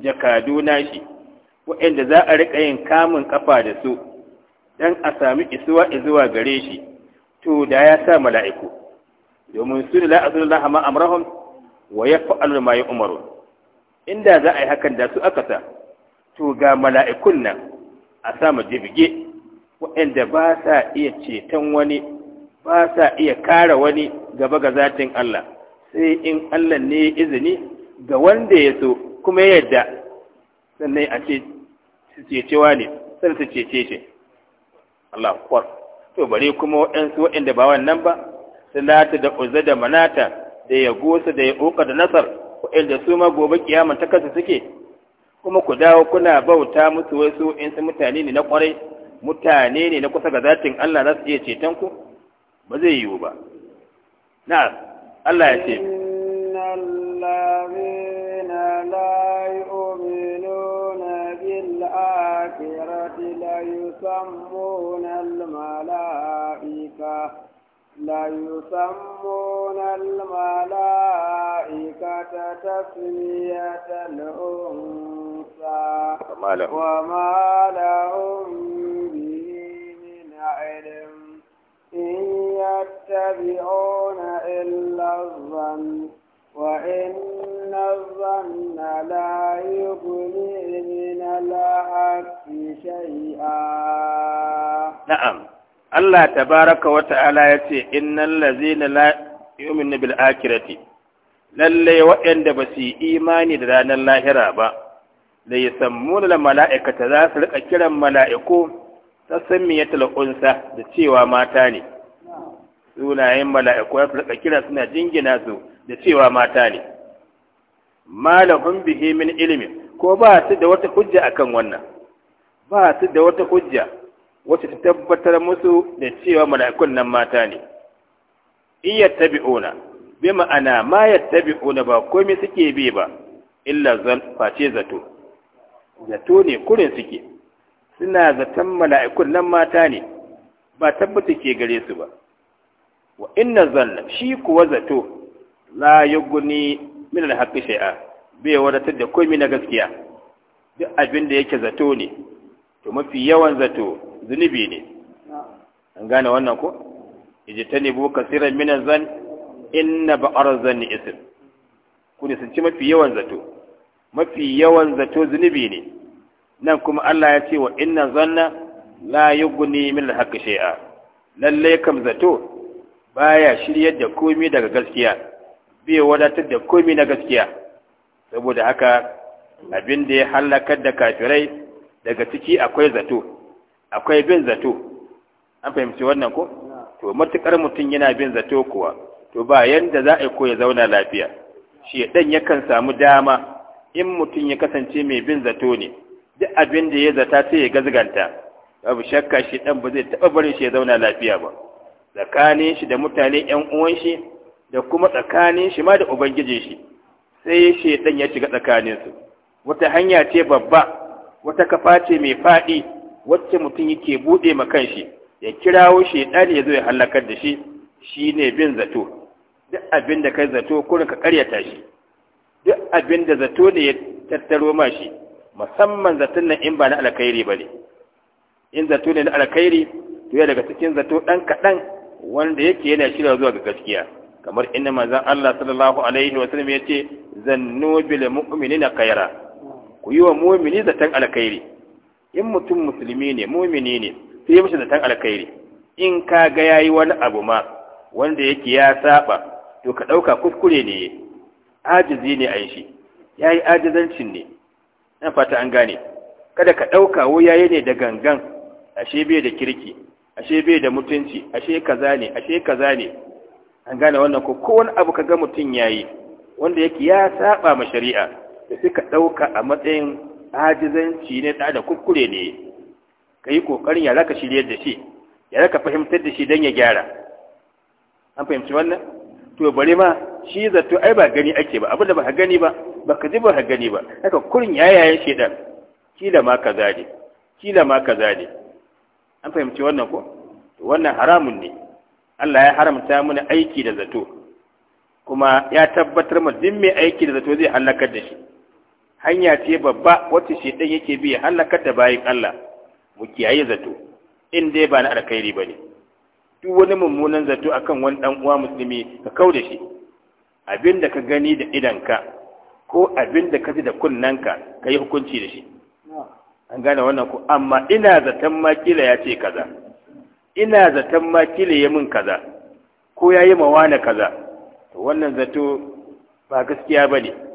jakadu nashi waɗanda za a riƙa yin kamun ƙafa da su dan a sami isuwa zuwa gare shi to da ya sa mala'iku domin su da la'azin lahama amrahun wa ya fa'alur ma yi umaru inda za a yi hakan da su aka sa to ga mala'ikun nan a sama jibge waɗanda ba sa iya ceton wani ba sa iya kara wani gaba ga zatin Allah sai in Allah ne izini ga wanda ya so kuma ya yarda sannan a ce su cecewa ne sannan su cece shi Allah kwar to bare kuma waɗansu waɗanda ba wannan ba salata da uzza da manata da ya gosa da ya ƙoƙa da nasar waɗanda su ma gobe kiyama ta kasa suke kuma ku dawo kuna bauta musu wasu in su mutane ne na kwarai mutane ne na kusa ga zatin Allah za su iya ceton ku ba zai yiwu ba na Allah ya ce يسمون الملائكة لا يسمون الملائكة تسمية الأنثى وما لهم, وما لهم به من علم إن يتبعون إلا الظن وإن الظن لا يغني من الحق شيئا نعم Allah tabaraka wa ta'ala ya ce innal ladzina la yu'minu bil akhirati lalle waɗanda ba su yi imani da ranar lahira ba da ya sammuna da mala'ikata za su rika kiran mala'iku ta sammiyatul unsa da cewa mata ne sunayen mala'iku ya su rika kira suna jingina su da cewa mata ne malahun bihi min ilimin ko ba su da wata hujja akan wannan ba su da wata hujja wacce ta tabbatar musu da cewa mala'ikun nan mata ne in yattabi'una bi ma'ana ma yattabi'una ba komai suke bi ba illa zan face zato zato ne kurin suke suna zaton mala'ikun nan mata ne ba tabbata ke gare su ba wa inna zanna shi kuwa zato la yuguni min al-haqqi shay'a bai wadatar da komai na gaskiya duk abin da yake zato ne to mafi yawan zato zunubi ne an gane wannan ko nebo kasirar minan zan inna ba'ar ni isin ku ne sun ci mafi yawan zato mafi yawan zato zunubi ne nan kuma Allah ya ce wa inna zanna la yughni min al-haqqi lalle kam zato baya shirya da komi daga gaskiya bai wadatar da komi na gaskiya saboda haka abin da ya halakar da kafirai daga ciki akwai zato akwai bin zato an fahimci wannan ko to matukar mutum yana bin zato kuwa to ba yanda za a koya zauna lafiya shi dan yakan samu dama in mutum ya kasance mai bin zato ne duk abin da ya zata sai ya gazganta babu shakka shi dan ba zai taba barin shi ya zauna lafiya ba tsakanin shi da mutane yan uwan shi da kuma tsakanin shi ma da ubangijin shi sai shedan ya shiga tsakaninsu wata hanya ce babba wata kafa ce mai faɗi wacce mutum yake buɗe ma kanshi ya kirawo shaidan ya zo ya halakar da shi shine bin zato duk abin da kai zato kurin ka karyata shi duk abin da zato ne ya tattaro ma shi musamman zaton nan in ba na alkhairi ba ne in zato ne na alkhairi to ya daga cikin zato ɗan kaɗan wanda yake yana shirya zuwa ga gaskiya kamar inna manzon Allah sallallahu alaihi wa sallam yace zannu bil mu'minina khayra ku yi wa mu'mini zaton alkhairi in mutum musulmi ne mumini ne sai ya mishi zaton alkhairi in ka ga yayi wani abu ma wanda yake ya saba to ka ɗauka kuskure ne ajizi ne a shi ya yi ajizancin ne na fata an gane kada ka ɗauka wai yayi ne da gangan ashe bai da kirki ashe bai da mutunci ashe kaza ne ashe kaza ne an gane wannan ko kowane abu ka ga mutum yayi wanda yake ya saba ma shari'a sai ka ɗauka a matsayin ajizanci ne da kukkure ne ka yi ƙoƙarin ya raka shiryar da shi ya raka fahimtar da shi don ya gyara an fahimci wannan to bari ma shi zato ai ba gani ake ba abinda da ba gani ba ba ka ji ba gani ba haka kurin shi ɗan. kila ma ka ne, kila ma ka ne. an fahimci wannan ko wannan haramun ne Allah ya haramta mana aiki da zato kuma ya tabbatar ma duk mai aiki da zato zai halakar da shi hanya ce babba wacce shedan yake bi halaka da bayin Allah mu kiyaye zato in dai ba na alkhairi bane duk wani mummunan zato akan wani dan uwa musulmi ka kauda shi abinda ka gani da idanka ko abinda ka ji da kunnanka ka yi hukunci da shi an gane wannan ko amma ina zaton makila ya ce kaza ina zaton makila ya min kaza ko ya yi mawana kaza wannan zato ba gaskiya ba ne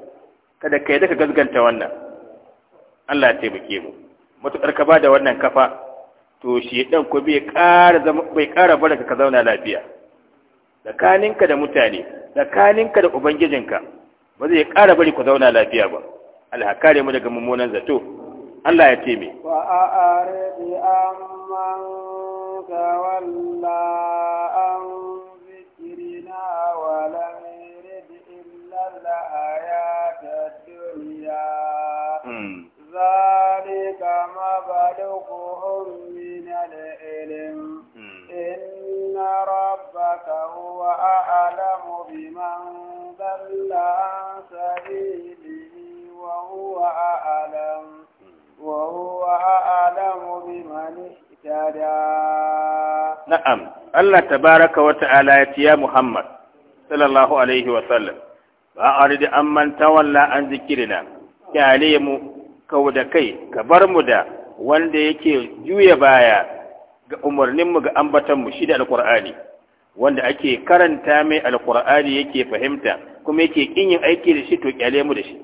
kada ka yadda ka gazganta wannan Allah ya taimake mu matukar ka bada wannan kafa to shi dan ko bai ƙara zama bai ƙara baraka ka zauna lafiya tsakaninka da mutane tsakaninka da ubangijinka ba zai ƙara bari ku zauna lafiya ba Allah kare mu daga mummunan zato Allah ya ce a wa a'aridi amman tawalla ربك هو أعلم بمن ضل عن سبيله وهو أعلم وهو أعلم بمن اهتدى نعم الله تبارك وتعالى يا محمد صلى الله عليه وسلم أعرض أمن تولى عن ذكرنا كعليم كودكي كبرمدا wanda yake juya baya ga umarninmu ga ambatanmu shi da alkur'ani wanda ake karanta mai alkur'ani yake fahimta kuma yake kin yin aiki da shi to kyale mu da shi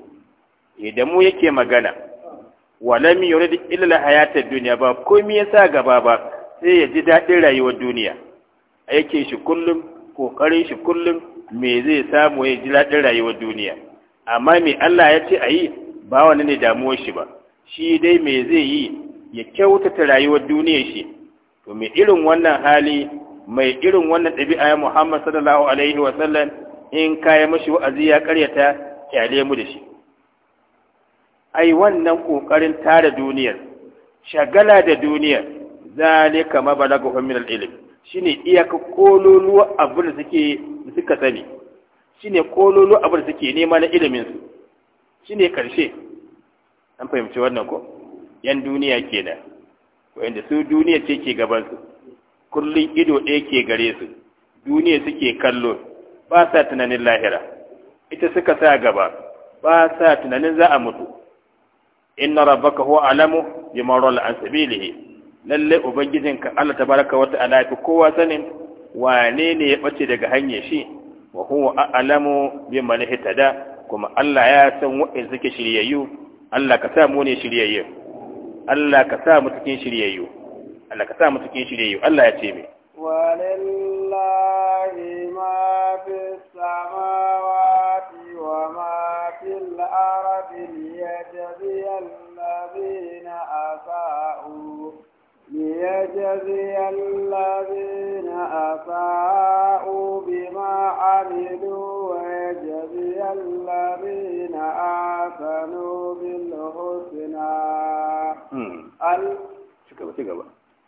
idan mu yake magana walam yurid illa hayatad dunya ba komai yasa gaba ba sai ya ji dadin rayuwar duniya aikin shi kullum kokarin shi kullum me zai samu ya ji dadin rayuwar duniya amma me Allah ya ce ayi ba wani ne damuwar shi ba shi dai me zai yi ya kyautata rayuwar duniyar shi to mai irin wannan hali mai irin wannan ɗabi'a ya Muhammad sallallahu alaihi wa sallam in kaya mashi wa'azi ya karyata kyale mu da shi ai wannan kokarin tara duniyar shagala da duniyar zalika mabalaguhum min al-ilm shine iyaka kololuwa abin da suke suka sani shine kololuwa abin da suke nema na ilimin su shine karshe an fahimci wannan ko yan duniya kenan wanda su duniya ce ke gabansu kullum ido ɗaya ke gare su duniya suke kallo ba sa tunanin lahira ita suka sa gaba ba sa tunanin za a mutu inna rabbaka huwa alamu biman rala an sabilihi lalle ubangijinka Allah tabaraka wa ta'ala fi kowa sanin wane ne ya bace daga hanyar shi wa huwa a'lamu biman ihtada kuma Allah ya san wa'in suke shiryayyu Allah ka sa mu ne shiryayyu Allah ka sa mu cikin shiryayyu Allah ka sa mu cikin shiryayyu Allah ya ce me walillahi ma fi samawati wa ma fil ardi yajzi alladhina asa'u ليجزي الذين أساءوا بما عملوا ويجزي الذين آتنوا بالحسنى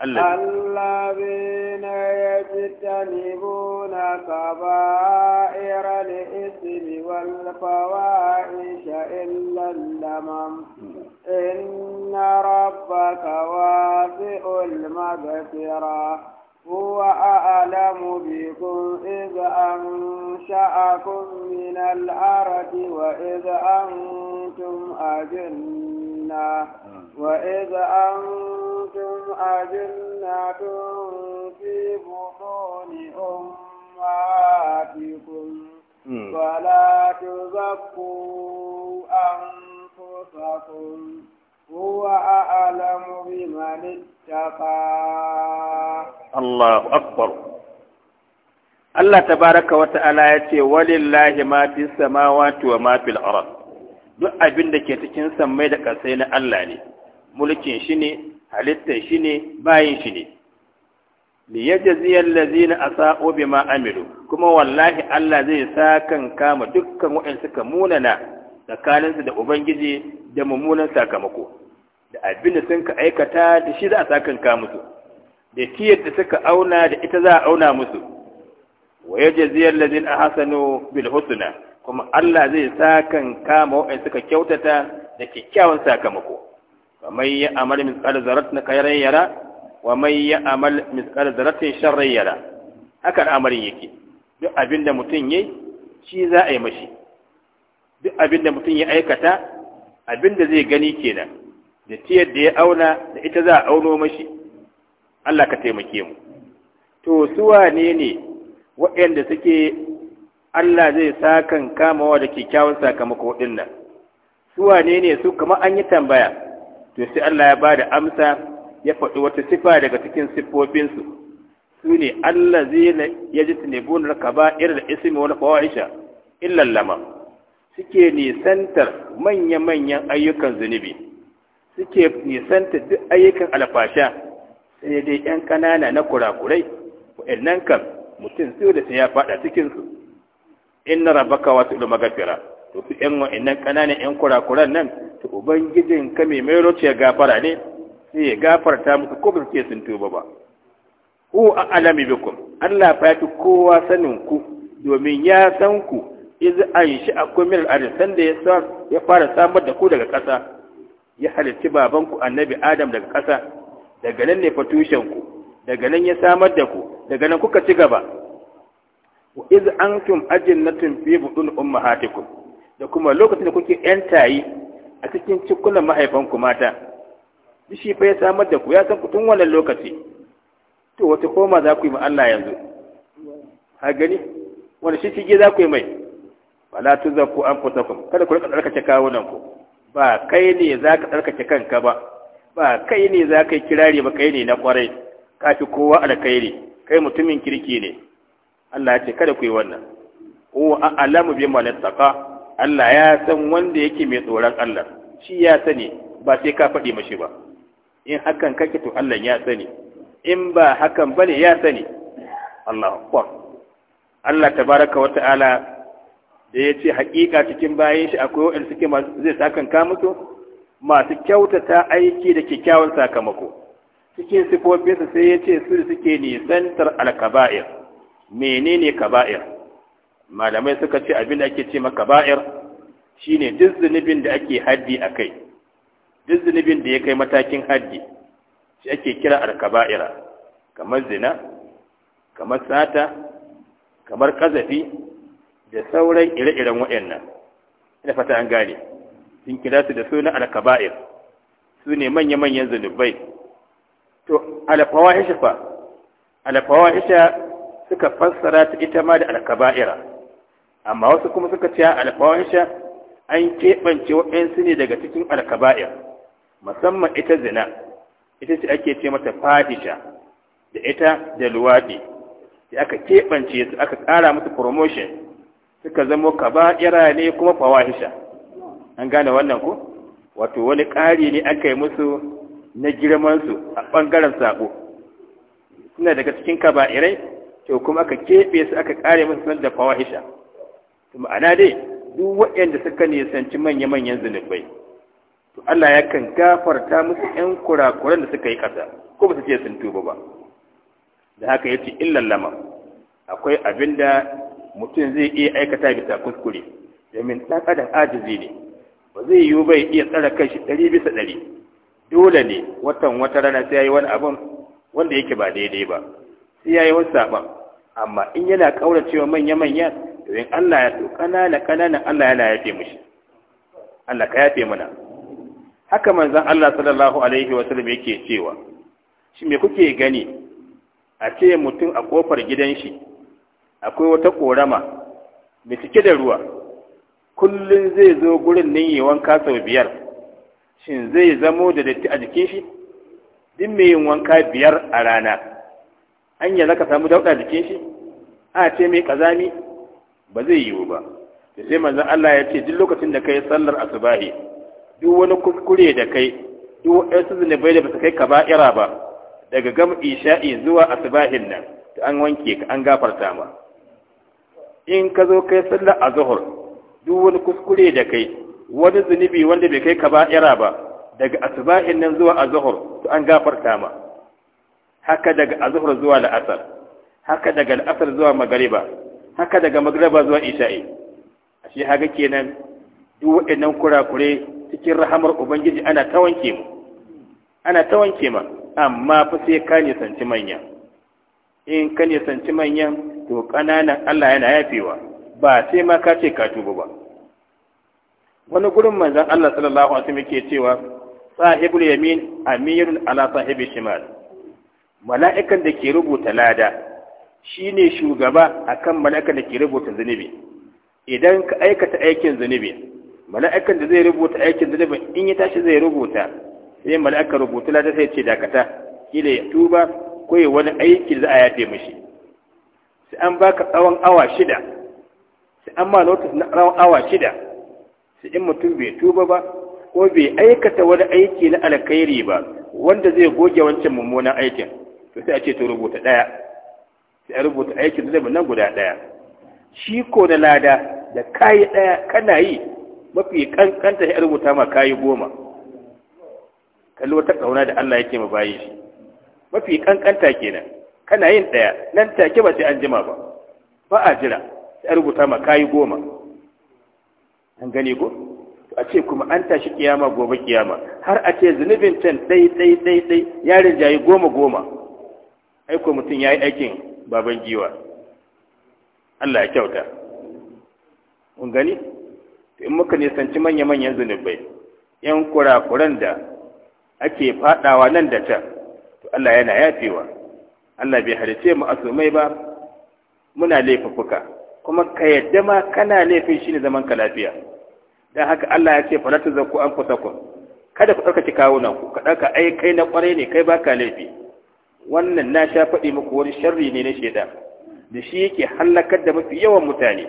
الذين يجتنبون كبائر الإثم والفواحش إلا اللمم إن ربك واسع المغفرة هو أعلم بكم إذ أنشأكم من الأرض وإذ أنتم أجنة وإذ أنتم أجنة في بطون أمهاتكم فلا تزكوا أنفسكم هو أعلم بمن اتقى الله أكبر Allah baraka wa ta'ala ya ce, Walillahi ma fi samawati wa ma fil duk abin da ke cikin sammai da ƙasai na Allah ne. mulkin shi ne halittar shi ne bayin shi ne li a ladzina obi ma amilu kuma wallahi Allah zai kan kama dukkan waɗanda suka munana tsakaninsu da ubangiji da mummunan sakamako da abinda sun ka aikata da shi za a kan kama musu da kiyar da suka auna da ita za a auna musu wa yajziyal ladzina hasanu bil husna kuma Allah zai saka kama waɗanda suka kyautata da kyakkyawan sakamako ومن يعمل مثقال ذرة خيرا يرى ومن يعمل مثقال ذرة شرا يرى haka al'amarin يكي duk abin da mutum yayi shi za a yi mashi duk abin da mutum ya aikata abin da zai gani kenan da tiyar da ya auna da ita za a auno mashi Allah ka taimake mu to su wane ne waɗanda suke Allah zai kan kamawa da kyakkyawan sakamako ɗin nan su wane ne su kamar an yi tambaya to sai Allah ya ba da amsa ya faɗi wata sifa daga cikin siffofinsu su ne Allah zai ya ji tunibun rakaba irin ismi wani fawaisha illan lama suke nisantar manya-manyan ayyukan zunubi suke nisantar duk ayyukan alfasha sai dai 'yan ƙanana na kurakurai wa'annan kam mutum su da sai ya faɗa cikinsu inna rabbaka wasu magafira to yan ƴan wa'annan ƙananan ƴan kurakuran nan to ubangijin ka mai mai ya gafara ne sai ya gafarta muku ko ba su sun tuba ba hu a alami bikum Allah fa fi kowa sanin ku domin ya san ku iz an shi akwai mil arisan da ya fara samar da ku daga ƙasa ya halitti baban ku annabi Adam daga ƙasa daga nan ne fatushen ku daga nan ya samar da ku daga nan kuka ci gaba wa iz antum ajinnatun fi budun ummahatikum da kuma lokacin da kuke yan tayi a cikin cikunan mahaifanku mata duk shi fa ya samar da ku ya san ku tun wannan lokaci to wata koma za ku yi ma Allah yanzu ha gani wani shi shige za ku yi mai wala tuzakku anfusakum kada ku rika tsarkake kawunan ku ba kai ne za ka tsarkake kanka ba ba kai ne za ka yi kirari ba kai ne na kwarai ka fi kowa alkhairi kai mutumin kirki ne Allah ya ce kada ku yi wannan wa a'lamu bi man ittaqa Allah ya san wanda yake mai tsoron Allah shi ya sani ba sai ka faɗi mashi ba in hakan kake to Allah ya sani in ba hakan bane ya sani Allah akbar Allah tabaraka wa ta'ala da ya ce haƙiƙa cikin bayan shi akwai wa'in suke zai sakanka musu masu kyautata aiki da kyakkyawan sakamako cikin sifofinsa sai ya ce su suke nisantar alkaba'ir menene kaba'ir malamai suka ce abin da ake ce maka ba'ir shine duk zunubin da ake haddi a kai duk zunubin da ya kai matakin haddi shi ake kira alkaba'ira kamar zina kamar sata kamar kazafi da sauran ire-iren waɗannan ina fata an gane sun kira su da suna alkaba'ir su ne manya-manyan zunubai to alfawa hisha fa alfawa hisha suka fassara ta ita ma da alkaba'ira amma wasu kuma suka ce alfawansha an keɓance waɗansu ne daga cikin alkaba'ir musamman ita zina ita ce ake ce mata fahisha da ita da luwaɗi sai aka keɓance su aka ƙara musu promotion suka zamo kaba'ira ne kuma fawahisha an gane wannan ko wato wani ƙari ne aka yi musu na girmansu a ɓangaren saƙo suna daga cikin kaba'irai to kuma aka keɓe su aka ƙare musu sanar da fawahisha ma'ana dai duk waɗanda suka nisanci manya-manyan zunubai to Allah ya yakan gafarta musu ƴan kurakuran da suka yi ƙasa ko ba su ce sun tuba ba da haka ya yace illal lama akwai abinda mutum zai iya aikata bisa kuskure domin ɗan adam ajizi ne ba zai yiwu bai iya tsara kanshi ɗari bisa ɗari dole ne watan wata rana sai yayi wani abin wanda yake ba daidai ba sai yayi wani sabon. amma in yana cewa manya-manya to in Allah ya to kanana kananan Allah yana yafe mushi Allah ka yafe mana haka manzon Allah sallallahu alaihi wa sallam yake cewa shi me kuke gani a ce mutum a kofar gidan shi akwai wata korama mai cike da ruwa kullum zai zo gurin nan yi wanka sau biyar shin zai zamo da datti a jikin shi duk mai yin wanka biyar a rana an yi zaka samu dauɗa jikin shi a ce mai kazami. ba zai yiwu ba da sai manzo Allah ya ce duk lokacin da kai sallar asubahi duk wani kuskure da kai duk wani sunne bai da ba kai kaba'ira ba daga gam isha'i zuwa asubahin nan ta an wanke ka an gafarta ma in ka zo kai sallar azhar duk wani kuskure da kai wani zunubi wanda bai kai kaba'ira ba daga asubahin nan zuwa azhar to an gafarta ma haka daga azhar zuwa la'asar haka daga al'asar zuwa magariba haka daga magraba zuwa isha'i shi haka kenan duk waɗannan kurakure cikin rahamar ubangiji ana ta wanke mu ana ta wanke ma amma fa sai ka nisanci manya in ka nisanci manyan to ƙananan Allah yana yafewa ba sai ma ka ce ka tuba ba wani gurin manzon Allah sallallahu alaihi wasallam yake cewa sahibul yamin amirun ala sahibi shimal mala'ikan da ke rubuta lada shi ne shugaba a kan mala'ika da ke rubuta zunubi idan ka aikata aikin zunubi mala'ikan da zai rubuta aikin zunubin in ya tashi zai rubuta sai mala'ika rubuta lata sai ce dakata kila ya tuba ko ya wani aiki za a yafe mashi sai an baka tsawon awa shida sai an ma lotus na tsawon awa shida sai in mutum bai tuba ba ko bai aikata wani aiki na alkhairi ba wanda zai goge wancan mummunan aikin to sai a ce to rubuta ɗaya sai a rubuta aikin zai nan guda ɗaya shi ko na lada da kayi ɗaya kana yi mafi kankanta sai rubuta ma kayi goma kalli wata ƙauna da Allah yake ma bayi shi mafi kankanta kenan kana yin ɗaya nan take ba sai an jima ba ba a jira sai rubuta ma kayi goma an gani ko a ce kuma an tashi kiyama gobe kiyama har a ce zunubin can ɗai ɗai ɗai ɗai yarin jayi goma goma aiko mutum ya yi aikin baban giwa Allah ya kyauta kun gani in muka nisanci manya-manyan zunubai yan kurakuran da ake fadawa nan da can to Allah yana yafewa Allah bai halice mu asumai ba muna laifuka kuma ka yadda ma kana laifin shine zaman ka lafiya dan haka Allah ya ce falatu zakku anfusakum kada ku ɗaukaci kawo nan ku ka ai kai na ƙwarai ne kai baka laifi wannan na sha faɗi muku wani sharri ne na sheda da shi yake hallakar da mafi yawan mutane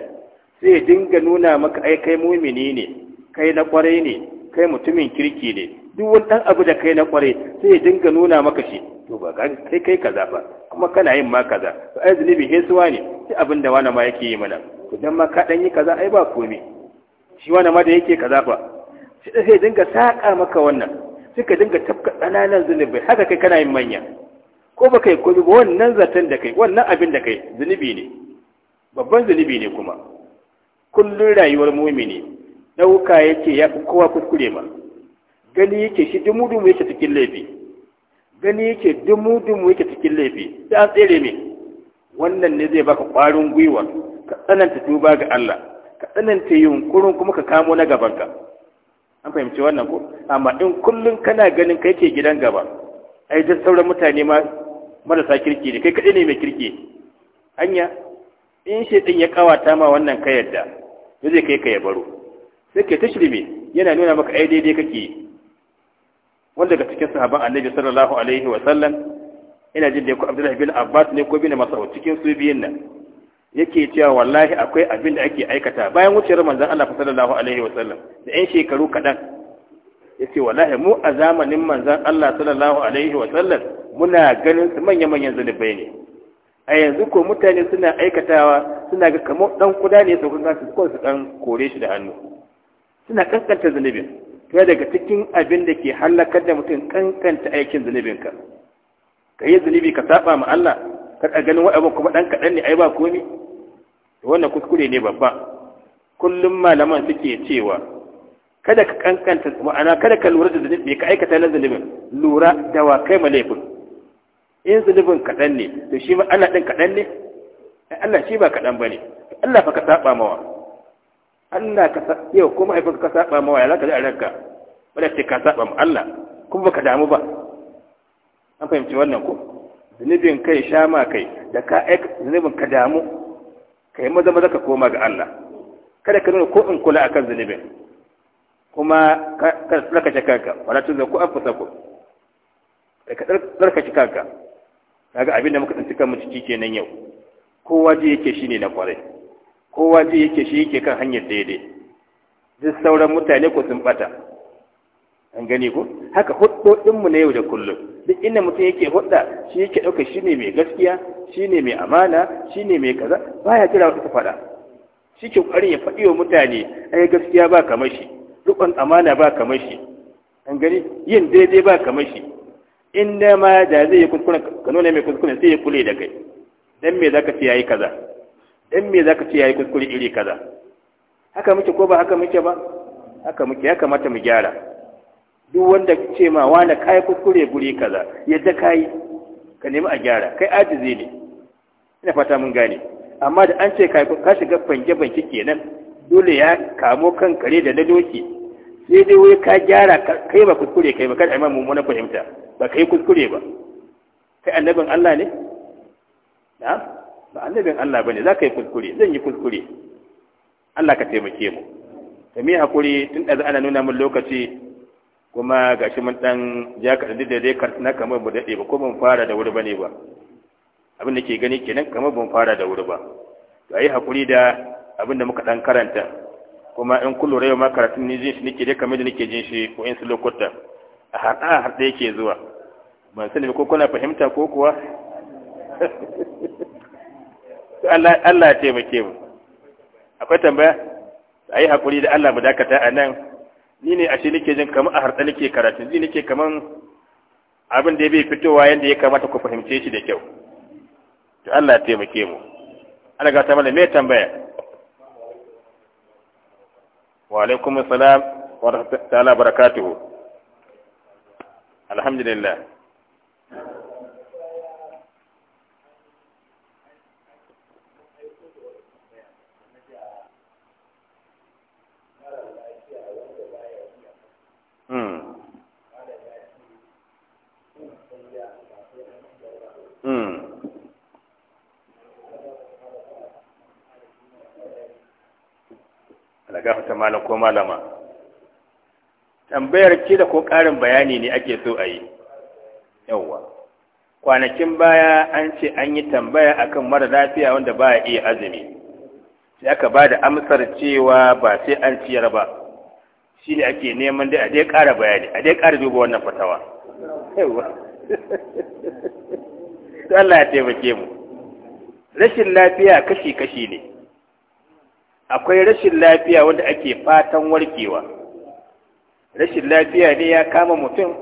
sai ya dinga nuna maka ai kai mumini ne kai na kwarai ne kai mutumin kirki ne duk wani dan abu da kai na kwarai sai ya dinga nuna maka shi to ba ga kai kai kaza ba kuma kana yin ma kaza to ai zunubi hesuwa ne sai abin da wani ma yake yi mana to dan ma ka dan yi kaza ai ba komai shi wani ma da yake kaza ba sai dinga saka maka wannan suka dinga tafka tsananan zunubi haka kai kana yin manya ko ba kai komai ba wannan zaton da kai wannan abin da kai zunubi ne babban zunubi ne kuma kullun rayuwar mumini dauka yake ya fi kowa kuskure ma gani yake shi dumudumu yake cikin laifi gani yake dumudumu yake cikin laifi sai an tsere me wannan ne zai baka ƙwarin gwiwa ka tsananta tuba ga Allah ka tsananta yunkurin kuma ka kamo na gabanka an fahimci wannan ko amma in kullum kana ganin kai ke gidan gaba ai duk sauran mutane ma marasa kirki ne kai kaɗai ne mai kirki hanya in shaitan ya kawata ma wannan ka yadda da zai kai ka ya baro sai ka ta shirme yana nuna maka ai daidai kake wanda daga cikin sahaban annabi sallallahu alaihi wa sallam ina jin da ku abdullahi bin abbas ne ko bin masau cikin su biyun nan yake cewa wallahi akwai abin da ake aikata bayan wucewar manzon Allah sallallahu alaihi wa sallam da yan shekaru kaɗan yace wallahi mu a zamanin manzon Allah sallallahu alaihi wa sallam muna ganin su manya-manyan zunubai ne a yanzu ko mutane suna aikatawa suna ga kamar dan kuda ne saukan gasu ko su dan kore shi da hannu suna kankanta zunubin to daga cikin abin da ke halakar da mutum kankanta aikin zunubinka ka yi zunubi ka saba ma Allah ka ganin wa'abin kuma dan kaɗan ne ai ba komi wannan kuskure ne babba kullum malaman suke cewa kada ka kankanta ma'ana kada ka lura da zunubi ka aikata na zunubin lura da wa kai ma laifin in zunubin kaɗan ne to shi ma Allah ɗin kaɗan ne Allah shi ba kaɗan ba ne Allah fa ka saba mawa Allah ka yau kuma ai ka saba mawa ya zaka ji a ranka wanda ce ka saba ma Allah kuma baka damu ba an fahimci wannan ko zunubin kai sha ma kai da ka aika zunubin ka damu kai maza maza ka koma ga Allah kada ka nuna ko in kula akan zunubin kuma ka tsarkace kanka wala tun tuzaku anfusakum ka tsarkace kanka kaga abin da muka tsinci kanmu ciki kenan yau kowa ji yake shi ne na kwarai kowa ji yake shi yake kan hanyar daidai duk sauran mutane ko sun bata an gani ko haka hudodinmu na yau da kullum duk inda mutum yake hudda shi yake ɗauka shi ne mai gaskiya shi ne mai amana shi ne mai kaza baya jira wata ta faɗa shi ke ƙoƙarin ya faɗi wa mutane ai gaskiya ba kamar shi riƙon amana ba kamar shi an gani yin daidai ba kamar shi in da ma da zai yi kuskure ka nuna mai kuskure sai ya kule da kai dan me zaka ce yayi kaza dan me zaka ce yayi kuskure iri kaza haka muke ko ba haka muke ba haka muke ya kamata mu gyara duk wanda ce ma wani kai kuskure guri kaza yadda kai ka nemi a gyara kai ajizi ne ina fata mun gane amma da an ce ka shiga fanke-fanke kenan dole ya kamo kan kare da na doki sai dai wai ka gyara kai ba kuskure kai ba kada a yi mummunan fahimta ba ka yi kuskure ba kai annabin Allah ne na ba annabin Allah ba ne za ka yi kuskure zan yi kuskure Allah ka taimake mu Ka mi haƙuri tun da ana nuna min lokaci kuma ga shi mun ɗan ja ka da dai na kamar mu daɗe ba ko mun fara da wuri ba ne ba abin da ke gani kenan kamar mun fara da wuri ba to yi haƙuri da abin da muka ɗan karanta kuma in kun rayuwa yau ma karatun ni jin shi nake dai kamar da nake jin shi ko in su lokuta haɗa haɗe yake zuwa ba su ko kuna fahimta ko kuwa Allah ya ke mu akwai tambaya a yi haƙuri da Allah mu dakata a nan ni ne ashe nake jin kamar a harɗa nake karatu ni nake kamar abin da ya bai fitowa yadda ya kamata ku fahimce shi da kyau to Allah ya taimake mu ana gata mana me tambaya wa alaikum assalam wa rahmatullahi wa barakatuhu الحمد لله daga fata malam ko malama tambayar ce da ko ƙarin bayani ne ake so a yi yawwa kwanakin baya an ce an yi tambaya akan mara lafiya wanda ba ya iya azumi sai aka ba da amsar cewa ba sai an ciyar ba shi ne ake neman dai a dai ƙara bayani a dai ƙara duba wannan fatawa yawwa Allah ya taimake mu rashin lafiya kashi-kashi ne akwai rashin lafiya wanda ake fatan warkewa rashin lafiya ne ya kama mutum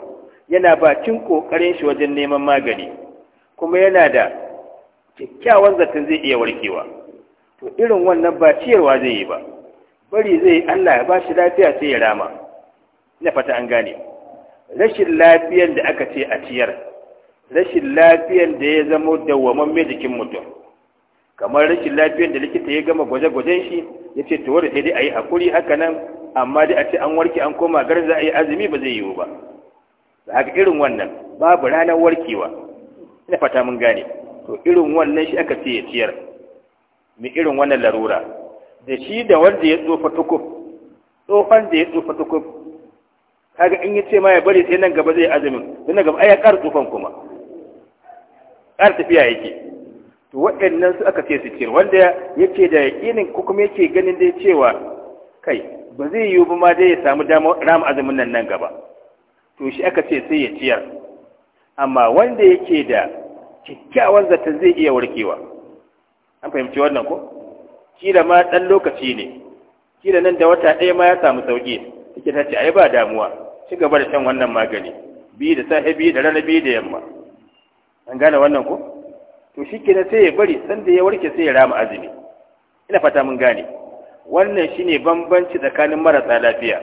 yana bakin ƙoƙarin shi wajen neman magani kuma yana da kyakkyawan zaton zai iya warkewa to irin wannan ba ciyarwa zai yi ba bari zai Allah ya ba shi lafiya sai ya rama na fata an gane rashin lafiyar da aka ce a ciyar rashin lafiyar da ya zama dawwamamme jikin mutum kamar rashin lafiyar da likita ya gama gwaje-gwajen shi ya ce to wadda sai dai a yi haƙuri haka nan amma dai a ce an warke an koma gar za a yi azumi ba zai yiwu ba da haka irin wannan babu ranar warkewa ina fata mun gane to irin wannan shi aka ce ya ciyar mai irin wannan larura da shi da wanda ya tsofa tukuf tsofan da ya tsofa tukuf kaga in ya ce ma ya bari sai nan gaba zai azumin nan gaba ai ya ƙara tsufan kuma ƙara tafiya yake to waɗannan su aka ce su ciyar wanda yake da yaƙinin ko kuma yake ganin dai cewa kai ba zai yiwu ba ma dai ya samu ram azumin nan nan gaba to shi aka ce sai ya ciyar amma wanda yake da kyakkyawan zata zai iya warkewa an fahimci wannan ko kila ma ɗan lokaci ne kila nan da wata ɗaya ma ya samu sauƙi take ta ce ai ba damuwa ci gaba da shan wannan magani Bi da safe bi da rana bi da yamma an gane wannan ko to shi kenan sai ya bari sanda ya warke sai ya rama azumi ina fata mun gane wannan shine bambanci tsakanin marasa lafiya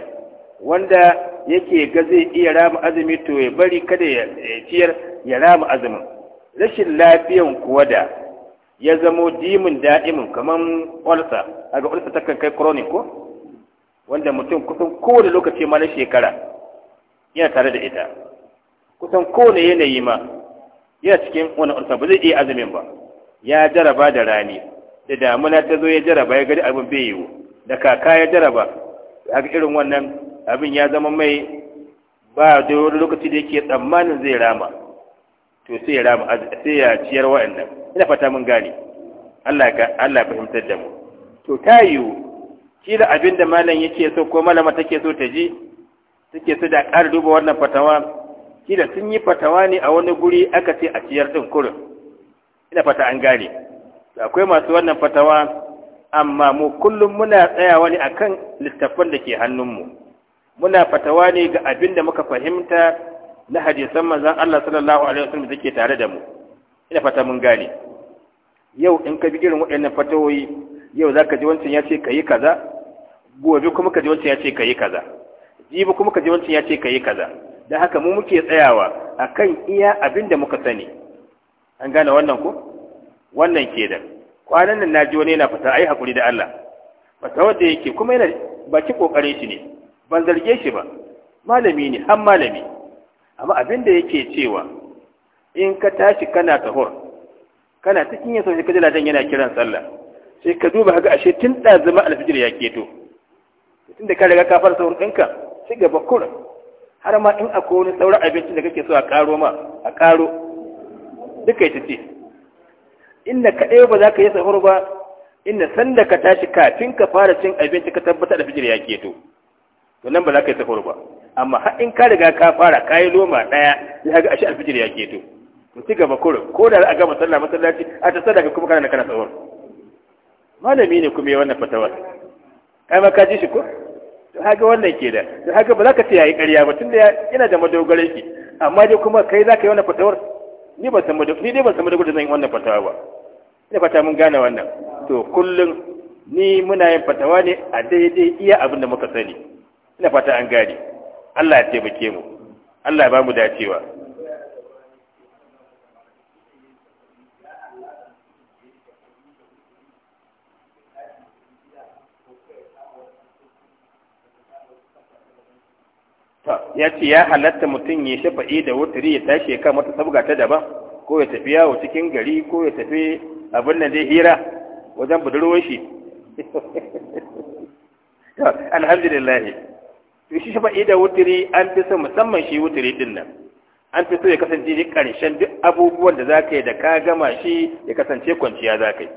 wanda yake ga zai iya rama azumi to ya bari kada ya ciyar ya rama azumin rashin lafiyan kuwa da ya zamo dimin da'imin kamar ulsa aga ulsa takan kai chronic ko wanda mutum kusan kowane lokaci ma na shekara yana tare da ita kusan kowane yanayi ma yana cikin wani ulsa ba zai iya azumin ba ya jaraba da rani da damuna ta zo ya jaraba ya gari abin bai yiwu da kaka ya jaraba a irin wannan abin ya zama mai ba da wani lokaci da yake tsammanin zai rama to sai ya rama sai ya ciyar wa'annan ina fata mun gane Allah ka Allah fahimtar da mu to ta yiwu kila abin da malam yake so ko malama take so ta ji take so da ƙara duba wannan fatawa kila sun yi fatawa ne a wani guri aka ce a ciyar din kurin ina fata an gane akwai masu wannan fatawa amma mu kullum muna tsayawa ne akan littafan da ke hannunmu muna fatawa ne ga abin da muka fahimta na hadisan manzon Allah sallallahu alaihi wasallam da ke tare da mu ina fata mun gane yau in ka bi irin waɗannan fatawoyi yau zaka ji wancan ya ce yi kaza gobe kuma ka ji wancan ya ce yi kaza jibi kuma ka ji wancan ya ce yi kaza dan haka mu muke tsayawa akan iya abin da muka sani an gane wannan ko wannan ke da. kwanan nan naji wani yana fita ai hakuri da Allah fatawar da yake kuma yana baki kokare shi ne ban zarge shi ba malami ne har malami amma abin da yake cewa in ka tashi kana tahur kana cikin yin sauki kajila dan yana kiran sallah sai ka duba ga ashe tun zama alfijir ya keto tun da ka riga ka fara sauran ɗinka sai gaba kura har ma in akwai wani sauran abinci da kake so a karo ma a karo duka ita ce inda ka ɗaya ba za ka yi sahur ba inda sanda ka tashi kafin ka fara cin abinci ka tabbatar da fijir ya keto to nan ba za ka yi sahur ba amma har in ka riga ka fara ka yi loma ɗaya ya ga ashe alfijir ya keto mu ci gaba kurin ko da a gama sallah masallaci a ta sadaka kuma kana kana sahur malami ne kuma ya wannan fatawar kai ma ka ji shi ko to haka wannan ke da to haka ba za ka ce yayi ƙarya ba tunda yana da madogarai amma dai kuma kai za ka yi wannan fatawar ni ba san ni dai ban san madago da zan yi wannan fatawa ba ina fata mun gane wannan to kullum ni muna yin fatawa ne a daidai iya abin da muka sani ina fata an gane Allah ya taimake mu Allah ya ba mu dacewa ya ce ya halatta mutum ya shafa'i da wuturi ya tashi ya kama ta sabga ta daban ko ya tafi yawo cikin gari ko ya tafi abin da zai hira wajen budurwar shi alhamdulillah to shi shafa'i da wuturi an fi so musamman shi wuturi din nan an fi so ya kasance ne karshen duk abubuwan da za ka yi da ka gama shi ya kasance kwanciya za ka yi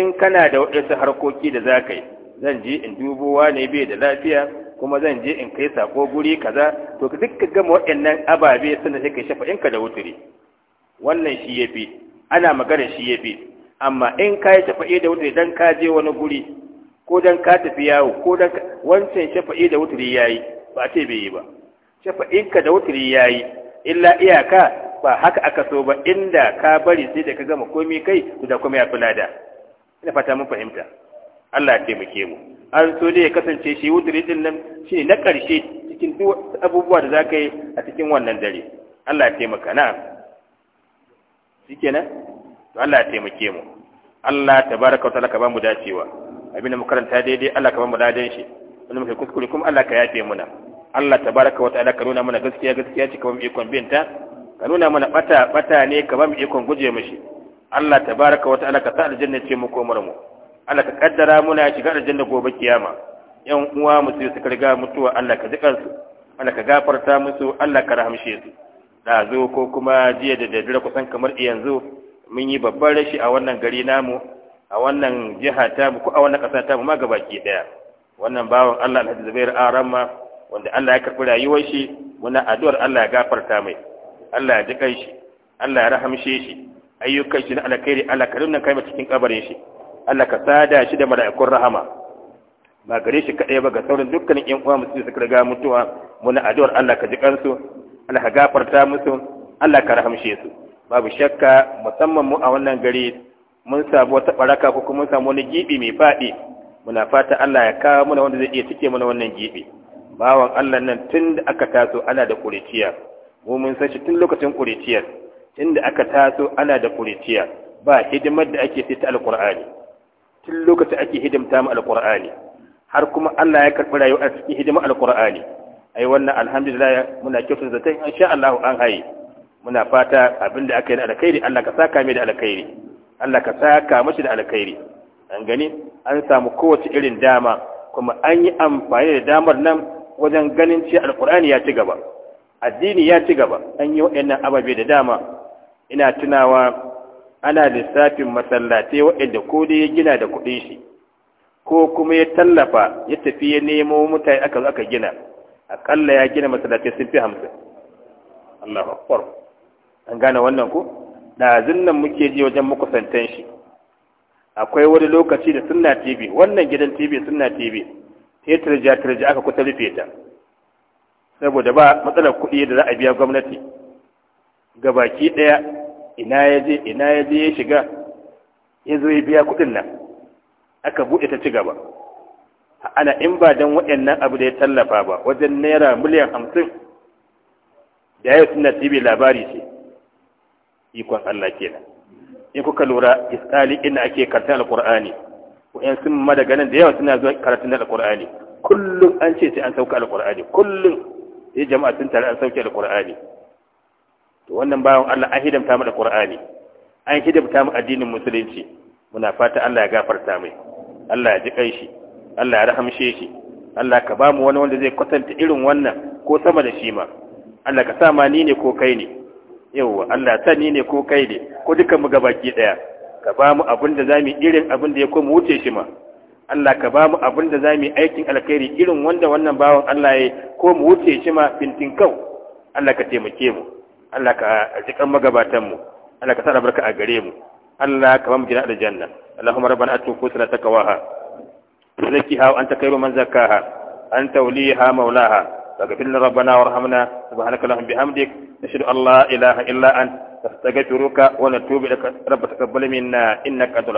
in kana da waɗansu harkoki da za ka yi zan je in dubowa ne bai da lafiya kuma zan je in kai sako guri kaza to duk ka gama waɗannan ababe suna sai kai shafa in ka da wuturi wannan shi yafi ana magana shi yafi amma in ka yi shafa'i da wuturi dan ka je wani guri ko dan ka tafi yawo ko dan wancan shafa'i da wuturi yayi ba ce bai yi ba in ka da wuturi yayi illa iyaka ba haka aka so ba inda ka bari sai da ka gama komai kai da komai a fulada lada ina fata mun fahimta Allah ya taimake mu an so dai ya kasance shi wuturi din nan shi na ƙarshe cikin duk abubuwa da za ka yi a cikin wannan dare Allah ya taimaka na shi kenan to Allah ya taimake mu Allah ta wa ta'ala ka ba mu dacewa abin da makaranta daidai Allah ka ba mu ladan shi wanda kai kuskure kuma Allah ka yafe muna Allah tabaraka wata ala ka nuna mana gaskiya gaskiya ce ka ba mu ikon binta ka nuna mana bata bata ne ka ba mu ikon guje mishi Allah tabaraka wata ala ka sa aljanna ce mu ko mu Allah ka kaddara muna shiga aljanna gobe kiyama yan uwa mu sai suka riga mutuwa Allah ka jikan su Allah ka gafarta musu Allah ka rahamshe su da zo ko kuma jiya da daddare kusan kamar yanzu mun yi babban rashi a wannan gari namu a wannan jiha ta mu ko a wannan ƙasa ta mu ma gabaki daya wannan bawan Allah Alhaji Zubair Aramma wanda Allah ya karɓi rayuwar shi muna addu'ar Allah ya gafarta mai Allah ya jikan shi Allah ya rahamshe shi ayyukan shi na alkhairi Allah ka rinna kai cikin kabarin shi Allah ka sada shi da mala'ikun rahama ba gare shi kaɗai ba ga sauran dukkanin ƴan uwa musu su riga mutuwa muna addu'ar Allah ka ji kansu Allah ka gafarta musu Allah ka rahamshe su babu shakka musamman mu a wannan gari mun samu wata baraka ko kuma mun samu wani gibi mai faɗi muna fata Allah ya kawo muna wanda zai iya cike mana wannan gibi bawan Allah nan tun da aka taso ana da kuriciya mu mun san shi tun lokacin kuriciyar tun da aka taso ana da kuriciya ba hidimar da ake sai ta alqur'ani tun lokacin ake hidimta mu alqur'ani har kuma Allah ya karɓi rayuwa a cikin hidimar alqur'ani ai wannan alhamdulillah muna kyautun zata in sha Allah an haye muna fata abin da aka yi da alkhairi Allah ka saka mai da alkhairi Allah ka saka mashi da alkhairi an gani an samu kowace irin dama kuma an yi amfani da damar nan wajen ganin cewa alkur'ani ya ci gaba addini ya ci gaba an yi waɗannan ababe da dama ina tunawa ana lissafin masallatai waɗanda ko dai ya gina da kuɗin shi ko kuma ya tallafa ya tafi ya nemo mutane aka aka gina akalla ya gina masallatai sun fi hamsin Allahu akbar an gane wannan ko da nan muke ji wajen makusantan shi akwai wani lokaci da sunna tv wannan gidan tv sunna tv sai turja turja aka kusa rufe ta saboda ba matsalar kuɗi da za a biya gwamnati ga baki ɗaya ina ya je ina ya je ya shiga ya zo ya biya kuɗin nan aka buɗe ta ci gaba ana in ba dan waɗannan abu da ya tallafa ba wajen naira miliyan hamsin da ya yi suna tv labari ce ikon Allah kenan in kuka lura isali ina ake karatun alƙur'ani wa'yan sun ma da yawa suna zuwa karatun alƙur'ani kullum an ce sai an sauka alƙur'ani kullum sai jama'a sun tare an sauke alƙur'ani to wannan bawan Allah an hidimta mu da Qur'ani an hidimta mu addinin musulunci muna fata Allah ya gafarta mai Allah ya ji kai shi Allah ya rahamshe shi Allah ka ba mu wani wanda zai kwatanta irin wannan ko sama da shi ma Allah ka sa ma ni ne ko kai ne yauwa Allah ta ni ne ko kai ne ko dukan mu gabaki daya ka ba mu abin da zamu irin abin da ya koma wuce shi ma Allah ka ba mu abin da zamu aikin alkhairi irin wanda wannan bawan Allah ya ko mu wuce shi ma bintin kau Allah ka taimake mu Allah ka jikan magabatan mu Allah ka sa barka a gare mu Allah ka ba mu gina da janna Allahumma rabbana atina da takawaha zakkiha wa anta khairu man zakkaha anta waliha maulaha فاغفر لنا ربنا وارحمنا سبحانك اللهم بحمدك نشهد an لا اله الا انت نستغفرك ونتوب اليك رب تقبل منا انك انت